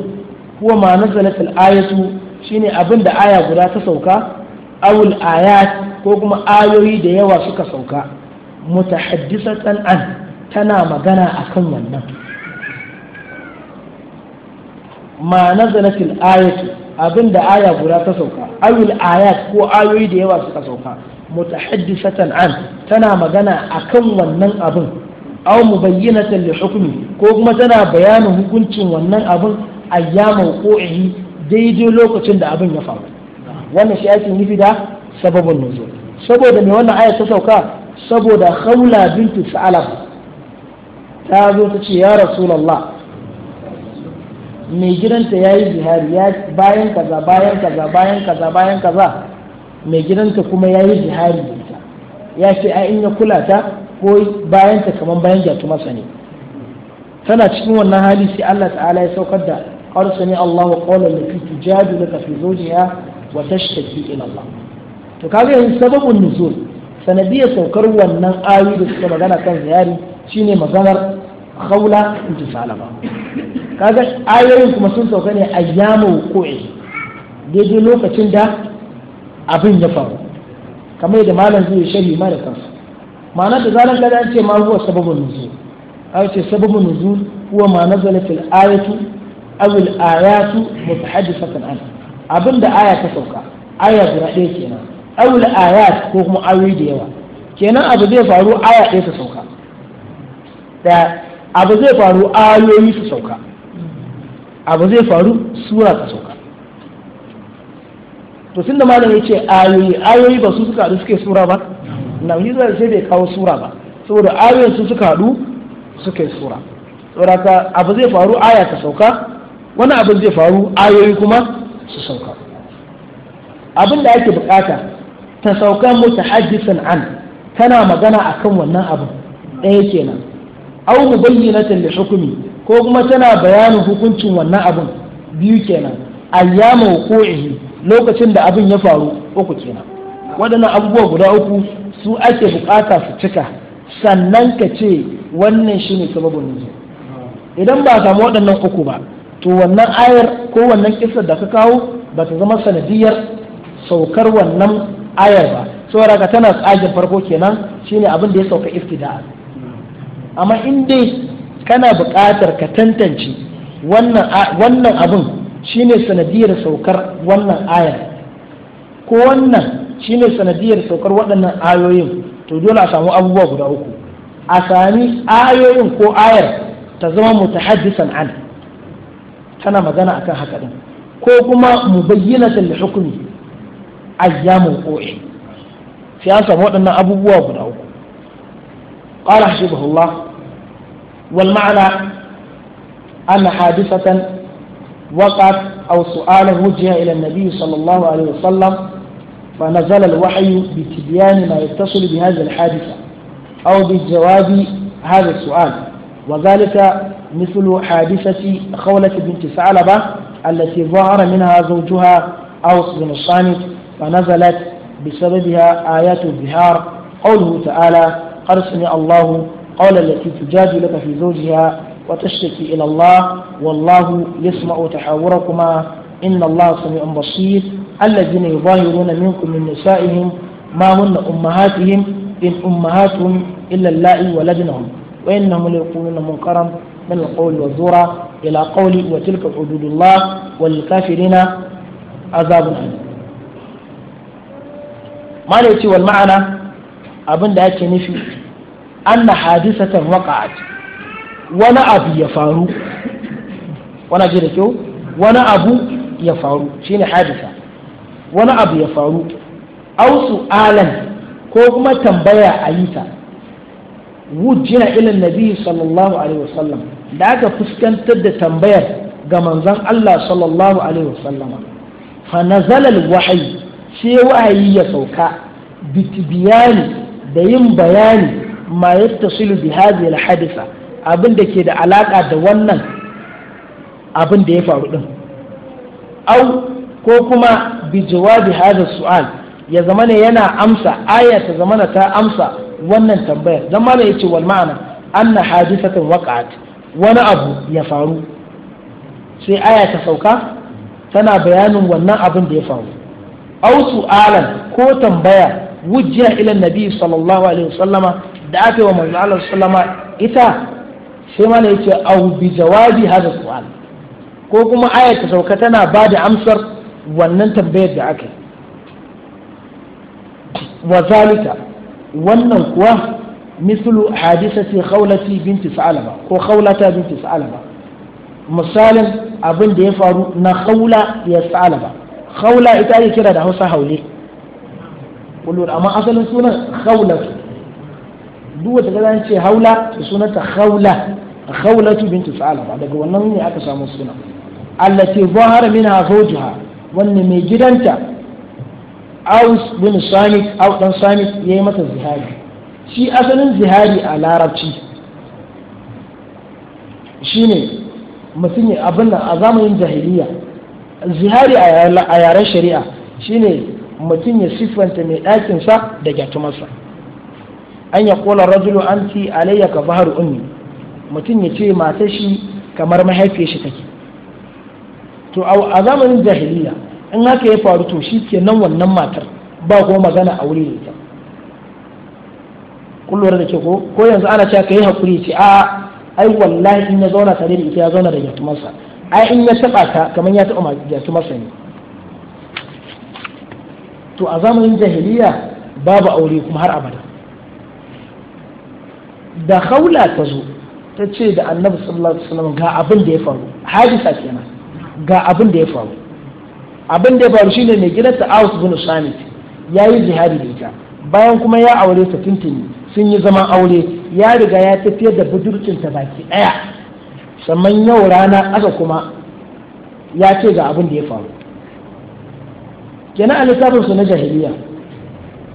huwa ma nazalat al-ayatu shine abin da aya guda ta sauka awul ayat ko kuma ayoyi da yawa suka sauka mutahaddisatan an tana magana akan wannan ma nazalat al-ayatu abin da aya guda ta sauka awul ayat ko ayoyi da yawa suka sauka mutahaddisatan an tana magana akan wannan abin aw mubayyinatan li hukmi ko kuma tana bayanin hukuncin wannan abin ayyamu qu'hi daidai lokacin da abin ya faru wannan shi ake nufi da sababin nuzul saboda me wannan aya ta sauka saboda khawla bintu sa'alab ta zo ta ce ya rasulullah me gidanta ya yi bayan kaza bayan kaza bayan kaza bayan kaza mai gidanta kuma ya yi jihari da ya ce a in ya kula ta ko bayan ta kamar bayan gyatu masa ne tana cikin wannan hali sai Allah ta'ala ya saukar da qala sami Allah wa qala lati tujadu laka fi zawjiha wa tashtaki ila Allah to kaga yanzu sababun nuzul sanadiyar saukar wannan ayoyi da suka magana kan ziyari shine maganar khawla inta salama kaga ayoyin kuma sun sauka ne ayyamu ko'i daidai lokacin da abin ya faru kamar yadda malam zai shari ma da kansa ma'ana da zalan gada ce ma huwa sababun nuzul aw ce sababun nuzul huwa ma nazala fil ayatu aw al ayatu mutahaddisatan an abinda aya ta sauka aya guda ɗaya kenan aw al ayat ko kuma ayoyi da yawa kenan abu zai faru aya ɗaya ta sauka da abu zai faru ayoyi su sauka abu zai faru sura ta sauka to tun da malam ya ce ayoyi ayoyi ba su suka haɗu suke sura ba na yi zai sai bai kawo sura ba saboda ayoyin su suka haɗu suke sura saboda ka abu zai faru aya ta sauka wani abin zai faru ayoyi kuma su sauka abin da ake bukata ta sauka hajjisan an tana magana akan wannan abu ɗaya kenan au mubayyinatan li hukumi ko kuma tana bayanin hukuncin wannan abun biyu kenan ayyama wuqu'ihi lokacin da abin ya faru uku kenan waɗannan abubuwa guda uku su ake bukata su cika sannan ka ce wannan shi ne sababin nuzul idan ba samu waɗannan uku ba to wannan ayar ko wannan kisar da ka kawo ba ta zama sanadiyar saukar wannan ayar ba saboda ka tana tsagen farko kenan shine abin da ya sauka iftida'a amma in dai kana bukatar ka tantance wannan abin Shi ne sanadiyar saukar wannan aya ko wannan shi ne sanadiyar saukar waɗannan ayoyin to dole a samu abubuwa guda uku a sami ayoyin ko ayar ta zama mutahaddisan an tana magana akan haka din ko kuma mu bayyana mubayyinatan li a yamun qur'an sai an samu waɗannan abubuwa guda uku qala hasibahullah wal ma'ana anna hadisatan وقت أو سؤال وجه إلى النبي صلى الله عليه وسلم فنزل الوحي بتبيان ما يتصل بهذه الحادثة أو بجواب هذا السؤال وذلك مثل حادثة خولة بنت ثعلبة التي ظهر منها زوجها أوس بن الصامت فنزلت بسببها آيات الظهار قوله تعالى قد سمع الله قول التي تجادلك في زوجها وتشتكي إلى الله والله يسمع تحاوركما إن الله سميع بصير الذين يظاهرون منكم من نسائهم ما هن أمهاتهم إن أمهاتهم إلا اللائي ولدنهم وإنهم ليقولون منكرا من القول والزورى إلى قولي وتلك حدود الله وللكافرين عذاب أليم ما يأتي والمعنى أبن ذاك نفي أن حادثة وقعت wani abu ya faru wani ji da kyau wani abu ya faru shine hadisa wani abu ya faru ausu alan ko kuma tambaya a yi ta wujina ilin nabi sallallahu alaihi wasallam da aka fuskantar da tambayar ga manzan Allah sallallahu alaihi wasallama fa nazala wahayi sai wahayi ya sauka bitibiyani da yin bayani ma yattasilu bi hadhihi al-hadisa abin da ke da alaƙa da wannan abin da ya faru ɗin au ko kuma bi jawabi hada su'al ya zama ne yana amsa aya ta zama ta amsa wannan tambayar ne ya ce wal ma'ana anna hadisatan waqa'at wani abu ya faru sai aya ta sauka tana bayanin wannan abin da ya faru au su'alan ko tambaya wujja ila nabi sallallahu alaihi wasallama da aka yi wa manzo Allah sallama ita Shi mana yace au bi jawabi hada su'al ko kuma ayat ta sauka tana ba da amsar wannan tambayar da aka wa zalika wannan kuwa mislu hadisati khawlati binti sa'alaba ko khawlata binti sa'alaba misalin abin da ya faru na khawla ya sa'alaba khawla ita ake kira da Hausa haule kullur amma asalin sunan khawlatu duk wata gaza ce haula da sunanta haula haulatu bintu sa'alaba daga wannan ne aka samu suna Allah ke zahara min ha wanne mai gidanta aus bin samit aus dan samit yayi mata zihari shi asalin zihari a larabci shine mutum ya abin nan a zamanin jahiliya zihari a yaren shari'a shine mutum ya siffanta mai ɗakinsa da gyatumarsa an ya kola rajulu anti alayya ka bahar ummi mutum ya ce matar shi kamar mahaifiyar shi take to a zamanin jahiliya in haka ya faru to shi ke nan wannan matar ba kuma magana a wuri ita kullu da ke ko ko yanzu ana cewa ka yi hakuri ce a ai wallahi in ya zauna tare da ita ya zauna da yatumarsa ai in ya taba ta kamar ya taba yatumarsa ne to a zamanin jahiliya babu aure kuma har abada da haula ta zo ta ce da annabi sallallahu alaihi wasallam ga abin da ya faru hadisa kenan ga abin da ya faru abin da ya faru shine mai ta Aus bin Samit yayi jihadi da ita bayan kuma ya aure ta tintini sun yi zaman aure ya riga ya tafiyar da budurcin ta baki daya sannan yau rana aka kuma ya ce ga abin da ya faru kenan a littafin su na jahiliya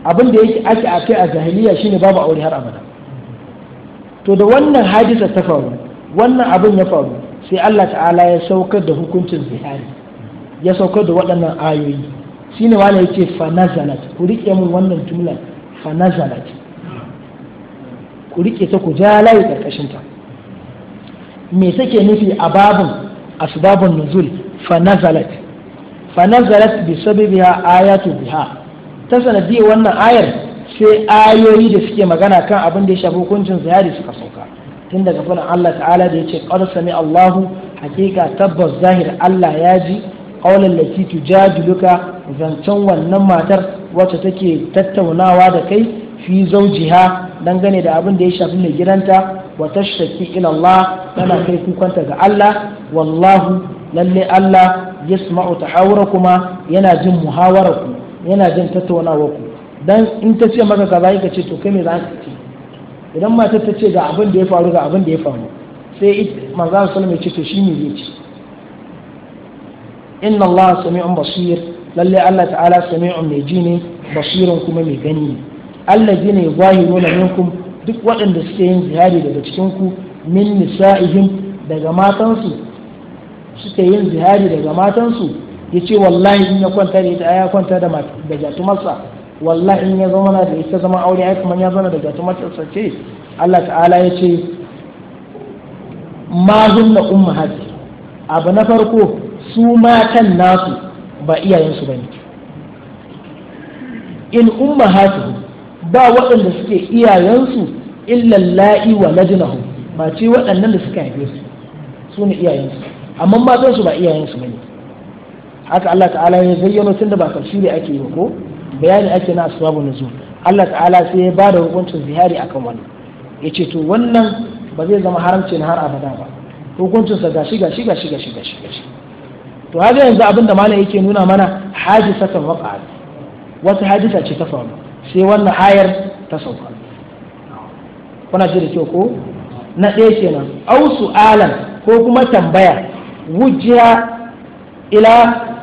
abin da yake ake a kai a jahiliya shine babu aure har abada to da wannan hadisa ta faru wannan abin ya faru sai Allah ta'ala ya saukar da hukuncin zihari ya saukar da waɗannan ayoyi shine wani yace fa fanazalat ku riƙe mun wannan jumla fanazalat, ku riƙe ta ku ja layi karkashin ta me take nufi a babun asbabun nuzul fanazalat? fanazalat bi sababiha ayatu biha ta sanadiyar wannan ayar sai ayoyi da suke magana kan abin da ya shafi hukuncin zihari suka sauka tun daga fadin Allah ta'ala da ya ce qad sami Allahu hakika tabbas zahir Allah ya ji qawlan lati tujadiluka zancen wannan matar wacce take tattaunawa da kai fi zaujiha dangane da abin da ya shafi mai gidanta wa tashtaki ila Allah tana kai kukanta ga Allah wallahu lalle Allah yasma'u kuma yana jin muhawaraku yana jin ku. dan in ta ce maka kaza ka ce to kai me za ka ce idan matar ta ce ga abin da ya faru ga abin da ya faru sai manzo sallallahu ya ce to ne zai ce inna allaha sami'un basir lalle Allah ta'ala sami'un mai ji ne basirin kuma mai gani ne allazi ne zahiruna minkum duk waɗanda suke yin zihari daga cikin ku min nisa'ihim daga matansu suke yin zihari daga matansu yace wallahi in ya kwanta da ita ya kwanta da da jatumarsa wallahi in ya zama na da ita zama aure ai kuma ya zama da daga tuma ce Allah ta'ala ya ce ma hunna ummahati abu na farko su matan nasu ba iyayensu bane in ummahatuhum ba waɗanda suke iyayensu illa la'i wa ladnahum ba ce waɗannan da suka haife su su ne iyayensu amma matan su ba iyayensu bane haka Allah ta'ala ya zayyano tunda ba karshe ake yi ko bayani ake na asbabun nuzul Allah ta'ala sai ya bada hukuncin zihari akan wannan yace to wannan ba zai zama haramci na har abada ba hukuncin sa gashi gashi gashi gashi gashi gashi to haka yanzu abin da malam yake nuna mana hadisatan waqa'at wata hadisa ce ta faru sai wannan ayar ta sauka kuna ji da kyau ko na ɗaya kenan au su'alan ko kuma tambaya wujiya ila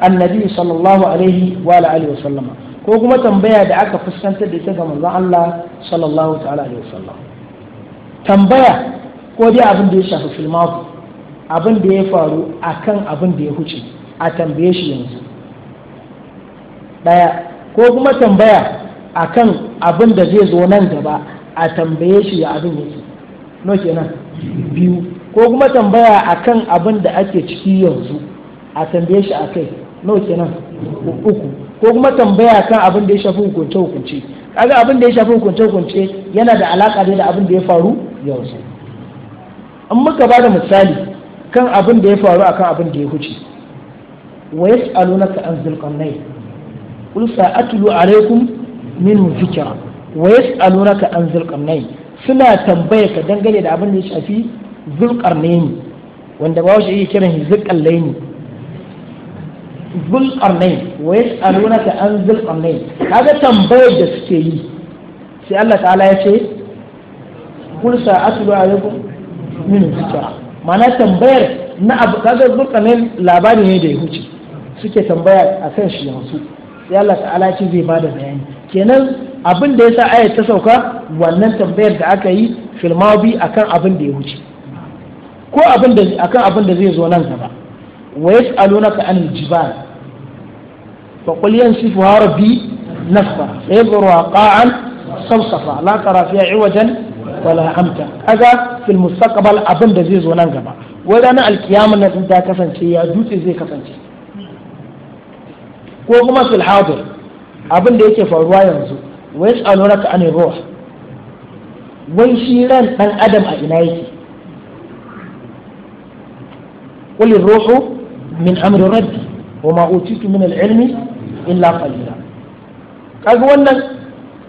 annabi sallallahu alaihi wa alihi wa sallama ko kuma tambaya da aka fuskantar da ita ga manzon Allah sallallahu ta'ala alaihi wasallam tambaya ko dai abin da ya shafi filmaku abin da ya faru akan abin da ya huce a tambaye shi yanzu daya ko kuma tambaya akan abin da zai zo nan gaba a tambaye shi ya abin yake no kenan biyu ko kuma tambaya akan abin da ake ciki yanzu a tambaye shi akai no kenan uku ko kuma tambaya kan abin da ya shafi hukunce hukunce kaga abin da ya shafi hukunce hukunce yana da alaka da abin da ya faru sai an muka ba da misali kan abin da ya faru akan abin da ya huce wa yas'alunaka an zulqarnain qul sa'atlu alaikum min fikra wa yas'alunaka an zulqarnain suna tambaya ka dangane da abin da ya shafi zulqarnain wanda ba shi yake kiran zulqarnain zul qarnain wa ta an zul ƙarnai kaga tambayar da suke yi sai Allah ta'ala ya ce kul a alaikum min zikra Mana tambayar na abu kaga zul ƙarnai labari ne da ya huce suke tambaya a kan shi yanzu sai Allah ta'ala ce zai bada bayani kenan abin da ya sa ayat ta sauka wannan tambayar da aka yi filmawabi madi akan abin da ya huce ko abin da akan abin da zai zo nan gaba wa yas'alunaka anil jibal فقل ينسفها ربي نسفا فيظهرها قاعا صلصفا لا ترى فيها عوجا ولا أمتا هذا في المستقبل أبن دزيز وننقبا ودانا القيامة نتنتا كفنشي يا دوتي زي كفنشي وهما في الحاضر أبن ديكي فالروا ينزو ويسألونك عن الروح ويشيران من أدم أجنايتي قل الروح من أمر ربي wa ma utitu min al-ilmi illa qalila kaga wannan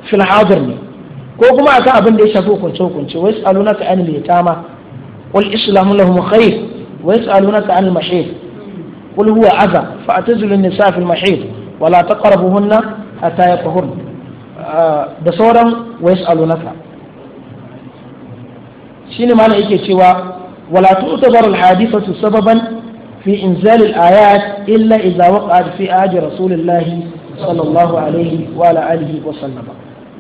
fil ne ko kuma akan abin da ya shafi hukunce hukunce wa yasalunaka anil yatama qul islamu lahum khair wa yasalunaka anil mahid qul huwa adha fa'tazilu an-nisa fil mahid wa la taqrabuhunna hatta yatahurna da sauran wa yasalunaka shine malam yake cewa wala tu'tabaru al-hadithatu sababan في إنزال الآيات إلا إذا وقعت في عهد رسول الله صلى الله عليه وعلى آله وسلم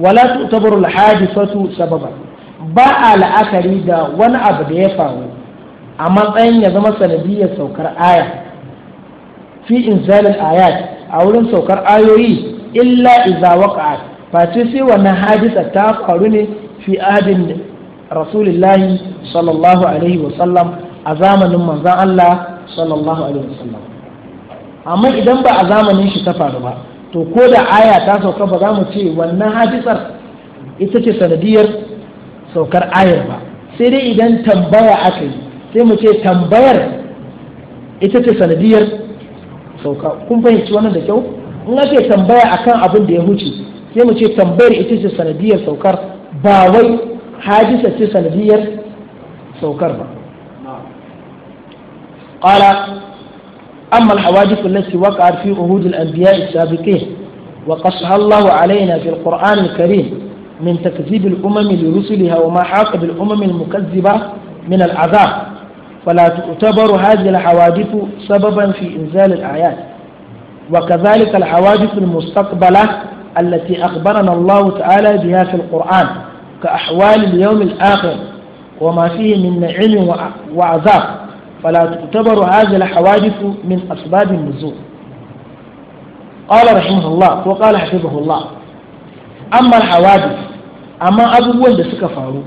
ولا تعتبر الحادثة سببا باء لأكري دا وانا أبدا يفعل أما أن يزم سندية سوكر آية في إنزال الآيات أولا سوكر آيوي إلا إذا وقعت فاتسي وانا حادثة تافقرني في عهد رسول الله صلى الله عليه وسلم أزامن من الله sallallahu alaihi wasallam amma idan ba a zamanin shi ta faru ba to ko da aya ta sauka ba za mu ce wannan hadisar ita ce sanadiyar saukar ayar ba sai dai idan tambaya aka yi sai mu ce tambayar ita ce sanadiyar sauka kun fahimci wannan da kyau in ce tambaya akan abin da ya huce sai mu ce tambayar ita ce sanadiyar saukar ba wai hadisa ce sanadiyar saukar ba قال أما الحوادث التي وقعت في عهود الأنبياء السابقين وقصها الله علينا في القرآن الكريم من تكذيب الأمم لرسلها وما حاق بالأمم المكذبة من العذاب فلا تعتبر هذه الحوادث سببا في إنزال الآيات وكذلك الحوادث المستقبلة التي أخبرنا الله تعالى بها في القرآن كأحوال اليوم الآخر وما فيه من نعيم وعذاب فلا تعتبر هذه الحوادث من أسباب النزول قال رحمه الله وقال حفظه الله أما الحوادث أما أبو ولد سكفارو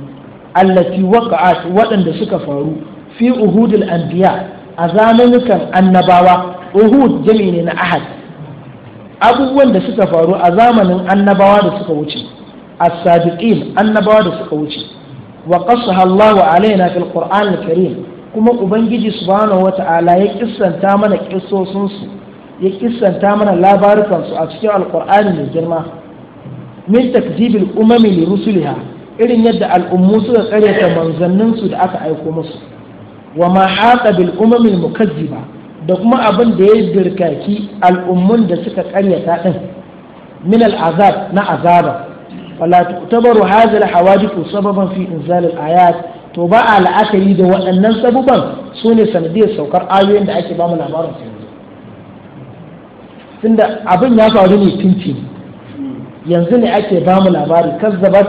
التي وقعت ولد سكفارو في أهود الأنبياء أزامن كان النبوة أهود جميل أحد أبو ولد سكفارو أزامن النبوة سكوتي السابقين النبوة سكوتي وقصها الله علينا في القرآن الكريم kuma ubangiji subhanahu wata'ala ya kissanta mana kissosinsu ya kissanta mana labarukansu a cikin alkur'ani mai girma min takzibil umami li rusuliha irin yadda al'ummu suka karyata manzanninsu da aka aiko musu wa ma haqa bil umamil mukazziba da kuma abin da ya dirkaki al'ummun da suka karyata din min azab na azaba wala tu'tabaru hadhihi al-hawadith sababan fi inzal al-ayat to ba a la'akari da waɗannan sabuban su ne sanadiyar saukar ayoyin da ake bamu labarin su yanzu tunda abin ya faru ne tunci yanzu ne ake bamu labari kazzabat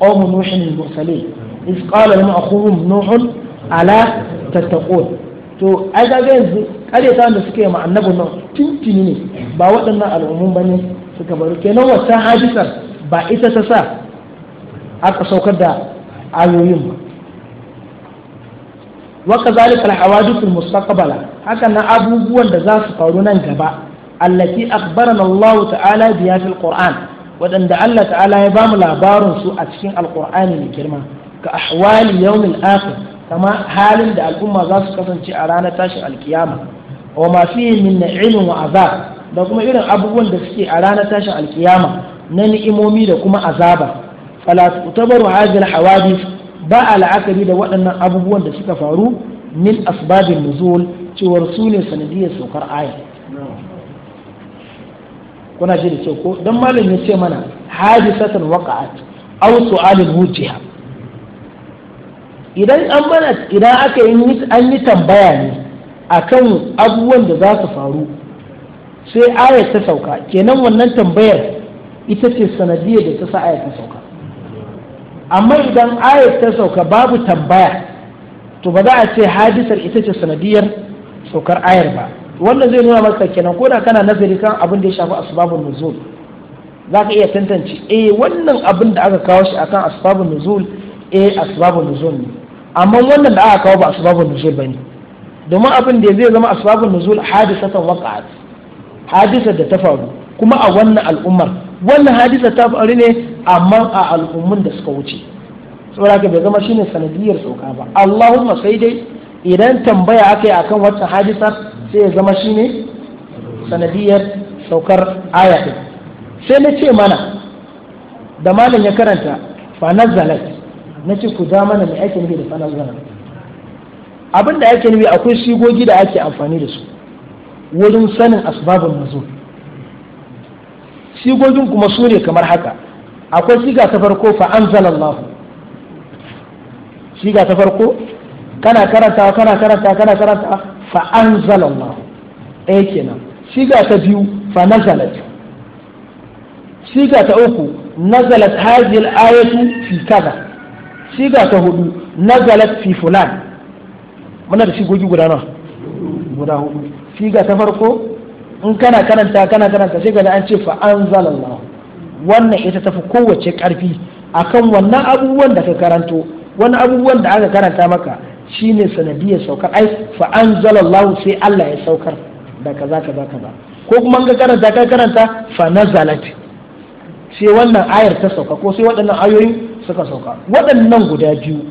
qaumu nuhin al-mursalin iz qala lahum akhuhum nuhun ala tattaqun to ai ga yanzu ta da suka yi ma annabi nan ne ba waɗannan al'ummun bane suka bari kenan wata hadisar ba ita ta sa aka saukar da ayoyin ba wa kadhalika al-hawadith al haka na abubuwan da za su faru nan gaba allati akhbarana Allah ta'ala biya fil Qur'an waɗanda Allah ta'ala ya bamu labarin su a cikin alqur'ani mai girma ka ahwali yawmil akhir kama halin da al'umma za su kasance a ranar tashin alkiyama wa ma fihi min na'imin wa azab da kuma irin abubuwan da suke a ranar tashin alkiyama na ni'imomi da kuma azaba fala tutabaru hadhihi al-hawadith ba a la'akari da waɗannan abubuwan da suka faru min asbabin nuzul cewar su ne sanadiyar saukar aya kuna ji da ko don malam ya ce mana hadisatan waqa'at aw su'alin wujiha idan an mana idan aka yi an yi tambaya ne akan abubuwan da za su faru sai aya ta sauka kenan wannan tambayar ita ce sanadiyar da ta sa aya ta sauka amma idan ayat ta sauka babu tambaya to ba za a ce hadisar ita ce sanadiyar saukar ayar ba wannan zai nuna maka kenan ko da kana nazari kan abin da ya shafi asbabun nuzul za ka iya tantance eh wannan abin da aka kawo shi akan asbabun nuzul eh asbabun nuzul ne amma wannan da aka kawo ba asbabun nuzul bane domin abin da zai zama asbabun nuzul hadisatan waqa'at hadisar da ta faru kuma a wannan al'ummar wannan hadisa ta faru ne amma a al'ummun da suka wuce saboda ka bai zama shine sanadiyar sauka ba Allahumma sai dai idan tambaya aka yi akan wata hadisa sai ya zama shine sanadiyar saukar aya din sai na ce mana da malam ya karanta fa nazalat na ce ku da mana mai ake nufi da fa nazalat abin da ake nufi akwai shigogi da ake amfani da su wurin sanin asbabun nuzul shigogin kuma su ne kamar haka akwai shiga ta farko fa anzalallahu shiga ta farko kana karanta kana karanta kana karanta fa anzalallahu ɗaya kenan shiga ta biyu fa nazalat shiga ta uku nazalat hadhihi al-ayatu fi kaza shiga ta hudu nazalat fi fulan muna da shigogi guda nawa guda hudu shiga ta farko in kana karanta kana karanta sai da an ce fa anzalallahu wannan ita tafi kowace ƙarfi akan wannan abubuwan da ka karanto wani abubuwan da aka karanta maka shine sanadiyar saukar ai fa anzalallahu sai Allah ya saukar da kaza kaza kaza ko kuma ga karanta ka karanta fa nazalat sai wannan ayar ta sauka ko sai waɗannan ayoyi suka sauka waɗannan guda biyu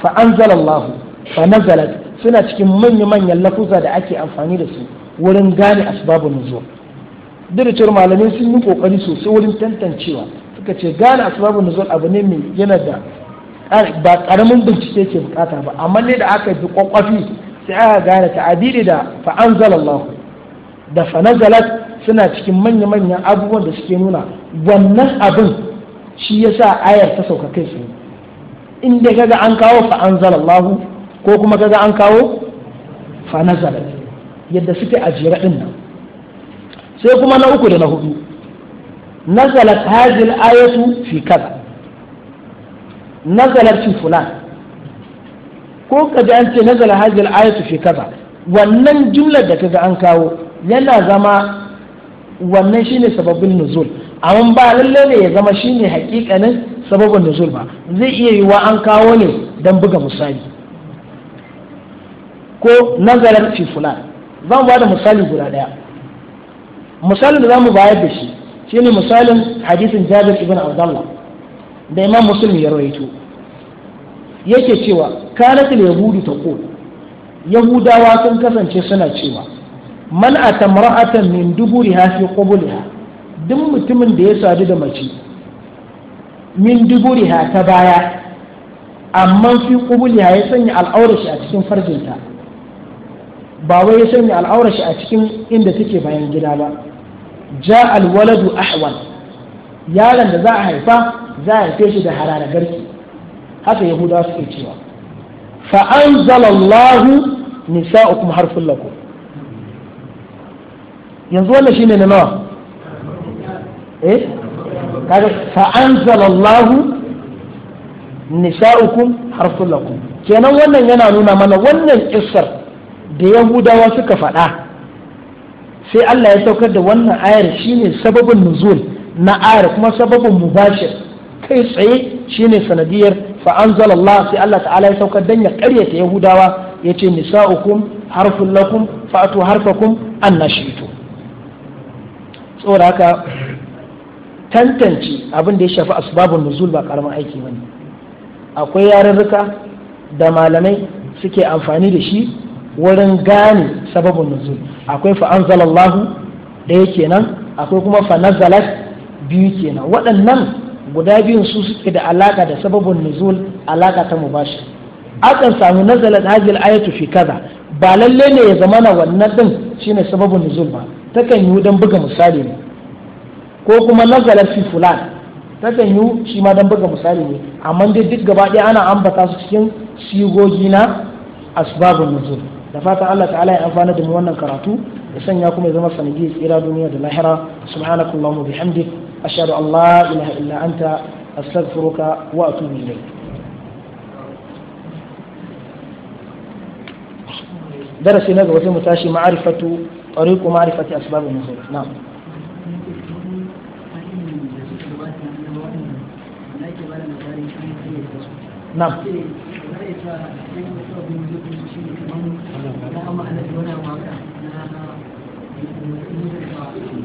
fa anzalallahu fa nazalat suna cikin manya manyan lafuza da ake amfani da su wurin gane asbabun nuzul duk da cewar malamai sun yi kokari sosai wurin tantancewa suka ce gane asbabun nuzul abu ne mai yana da ba karamin bincike ke bukata ba amma ne da aka bi kwakwafi sai aka gane ta ta'abiri da fa'anzalallahu da fanazalat suna cikin manya-manyan abubuwan da suke nuna wannan abin shi yasa ayar ta sauka kai su in dai kaga an kawo fa'anzalallahu ko kuma kaga an kawo fanazalat yadda suke ajiyar din nan sai kuma na uku da na hudu nazalat hazil ayatu fi kaza nazalat fi fulan ko ka ji an ce nazala hazil ayatu fi kaza wannan jumlar da kaga an kawo yana zama wannan shine sababin nuzul amma ba lalle ne ya zama shine hakikanin sababin nuzul ba zai iya yiwa an kawo ne dan buga misali ko nazarar fi fulan zan ba da misali guda daya misalin da za mu bayar da shi shi ne misalin hadisin Jabir ibn Abdullah da Imam Muslim ya rawaito yake cewa kanat al-yahudu taqul yahudawa sun kasance suna cewa man atamra'atan min duburiha fi qubulha duk mutumin da ya sadu da mace min duburiha ta baya amma fi qubulha ya sanya al'aura shi a cikin farjinta ba wai ya sanya al'aura shi a cikin inda take bayan gida ba ja alwaladu ahwan yaron da za a haifa za a haife shi da harara garki haka yahudawa suke cewa fa anzala anzalallahu nisa'ukum harfun lakum yanzu wannan shine na nawa eh kaga fa anzalallahu nisa'ukum harfun lakum kenan wannan yana nuna mana wannan kissar da yahudawa suka faɗa sai Allah ya saukar da wannan ayar shine sababin nuzul na ayar kuma sababin mubashir kai tsaye shine sanadiyar fa anzalallah sai Allah ta'ala ya saukar dan ya karyata yahudawa yace nisa'ukum harfun lakum fa'atu harfakum annashitu saboda haka tantance abin da ya shafi asbabun nuzul ba karamin aiki bane akwai yarurruka da malamai suke amfani da shi wurin gane sababin nuzul akwai fa anzalallahu ɗaya kenan akwai kuma fa nazalat biyu kenan waɗannan guda biyun su suke da alaƙa da sababin nuzul alaka ta mubashir akan samu nazalat hadhihi ayatu fi kaza ba lalle ne ya zamana wannan din shine sababin nuzul ba takan yi dan buga misali ne ko kuma nazalat fi fulan takan yi shi ma dan buga misali ne amma dai duk gaba ɗaya ana ambata su cikin sigogi na asbabun nuzul da fatan Allah ta'ala ya amfana da mu wannan karatu ya sanya kuma ya zama sanadi tsira duniya da lahira subhanakallahumma wa bihamdik ashhadu an la ilaha illa anta astaghfiruka wa atubu ilayk darasi na gaba sai mu tashi ma'arifatu طريق معرفة أسباب النزول نعم نعم na hau ma'anar wani waka na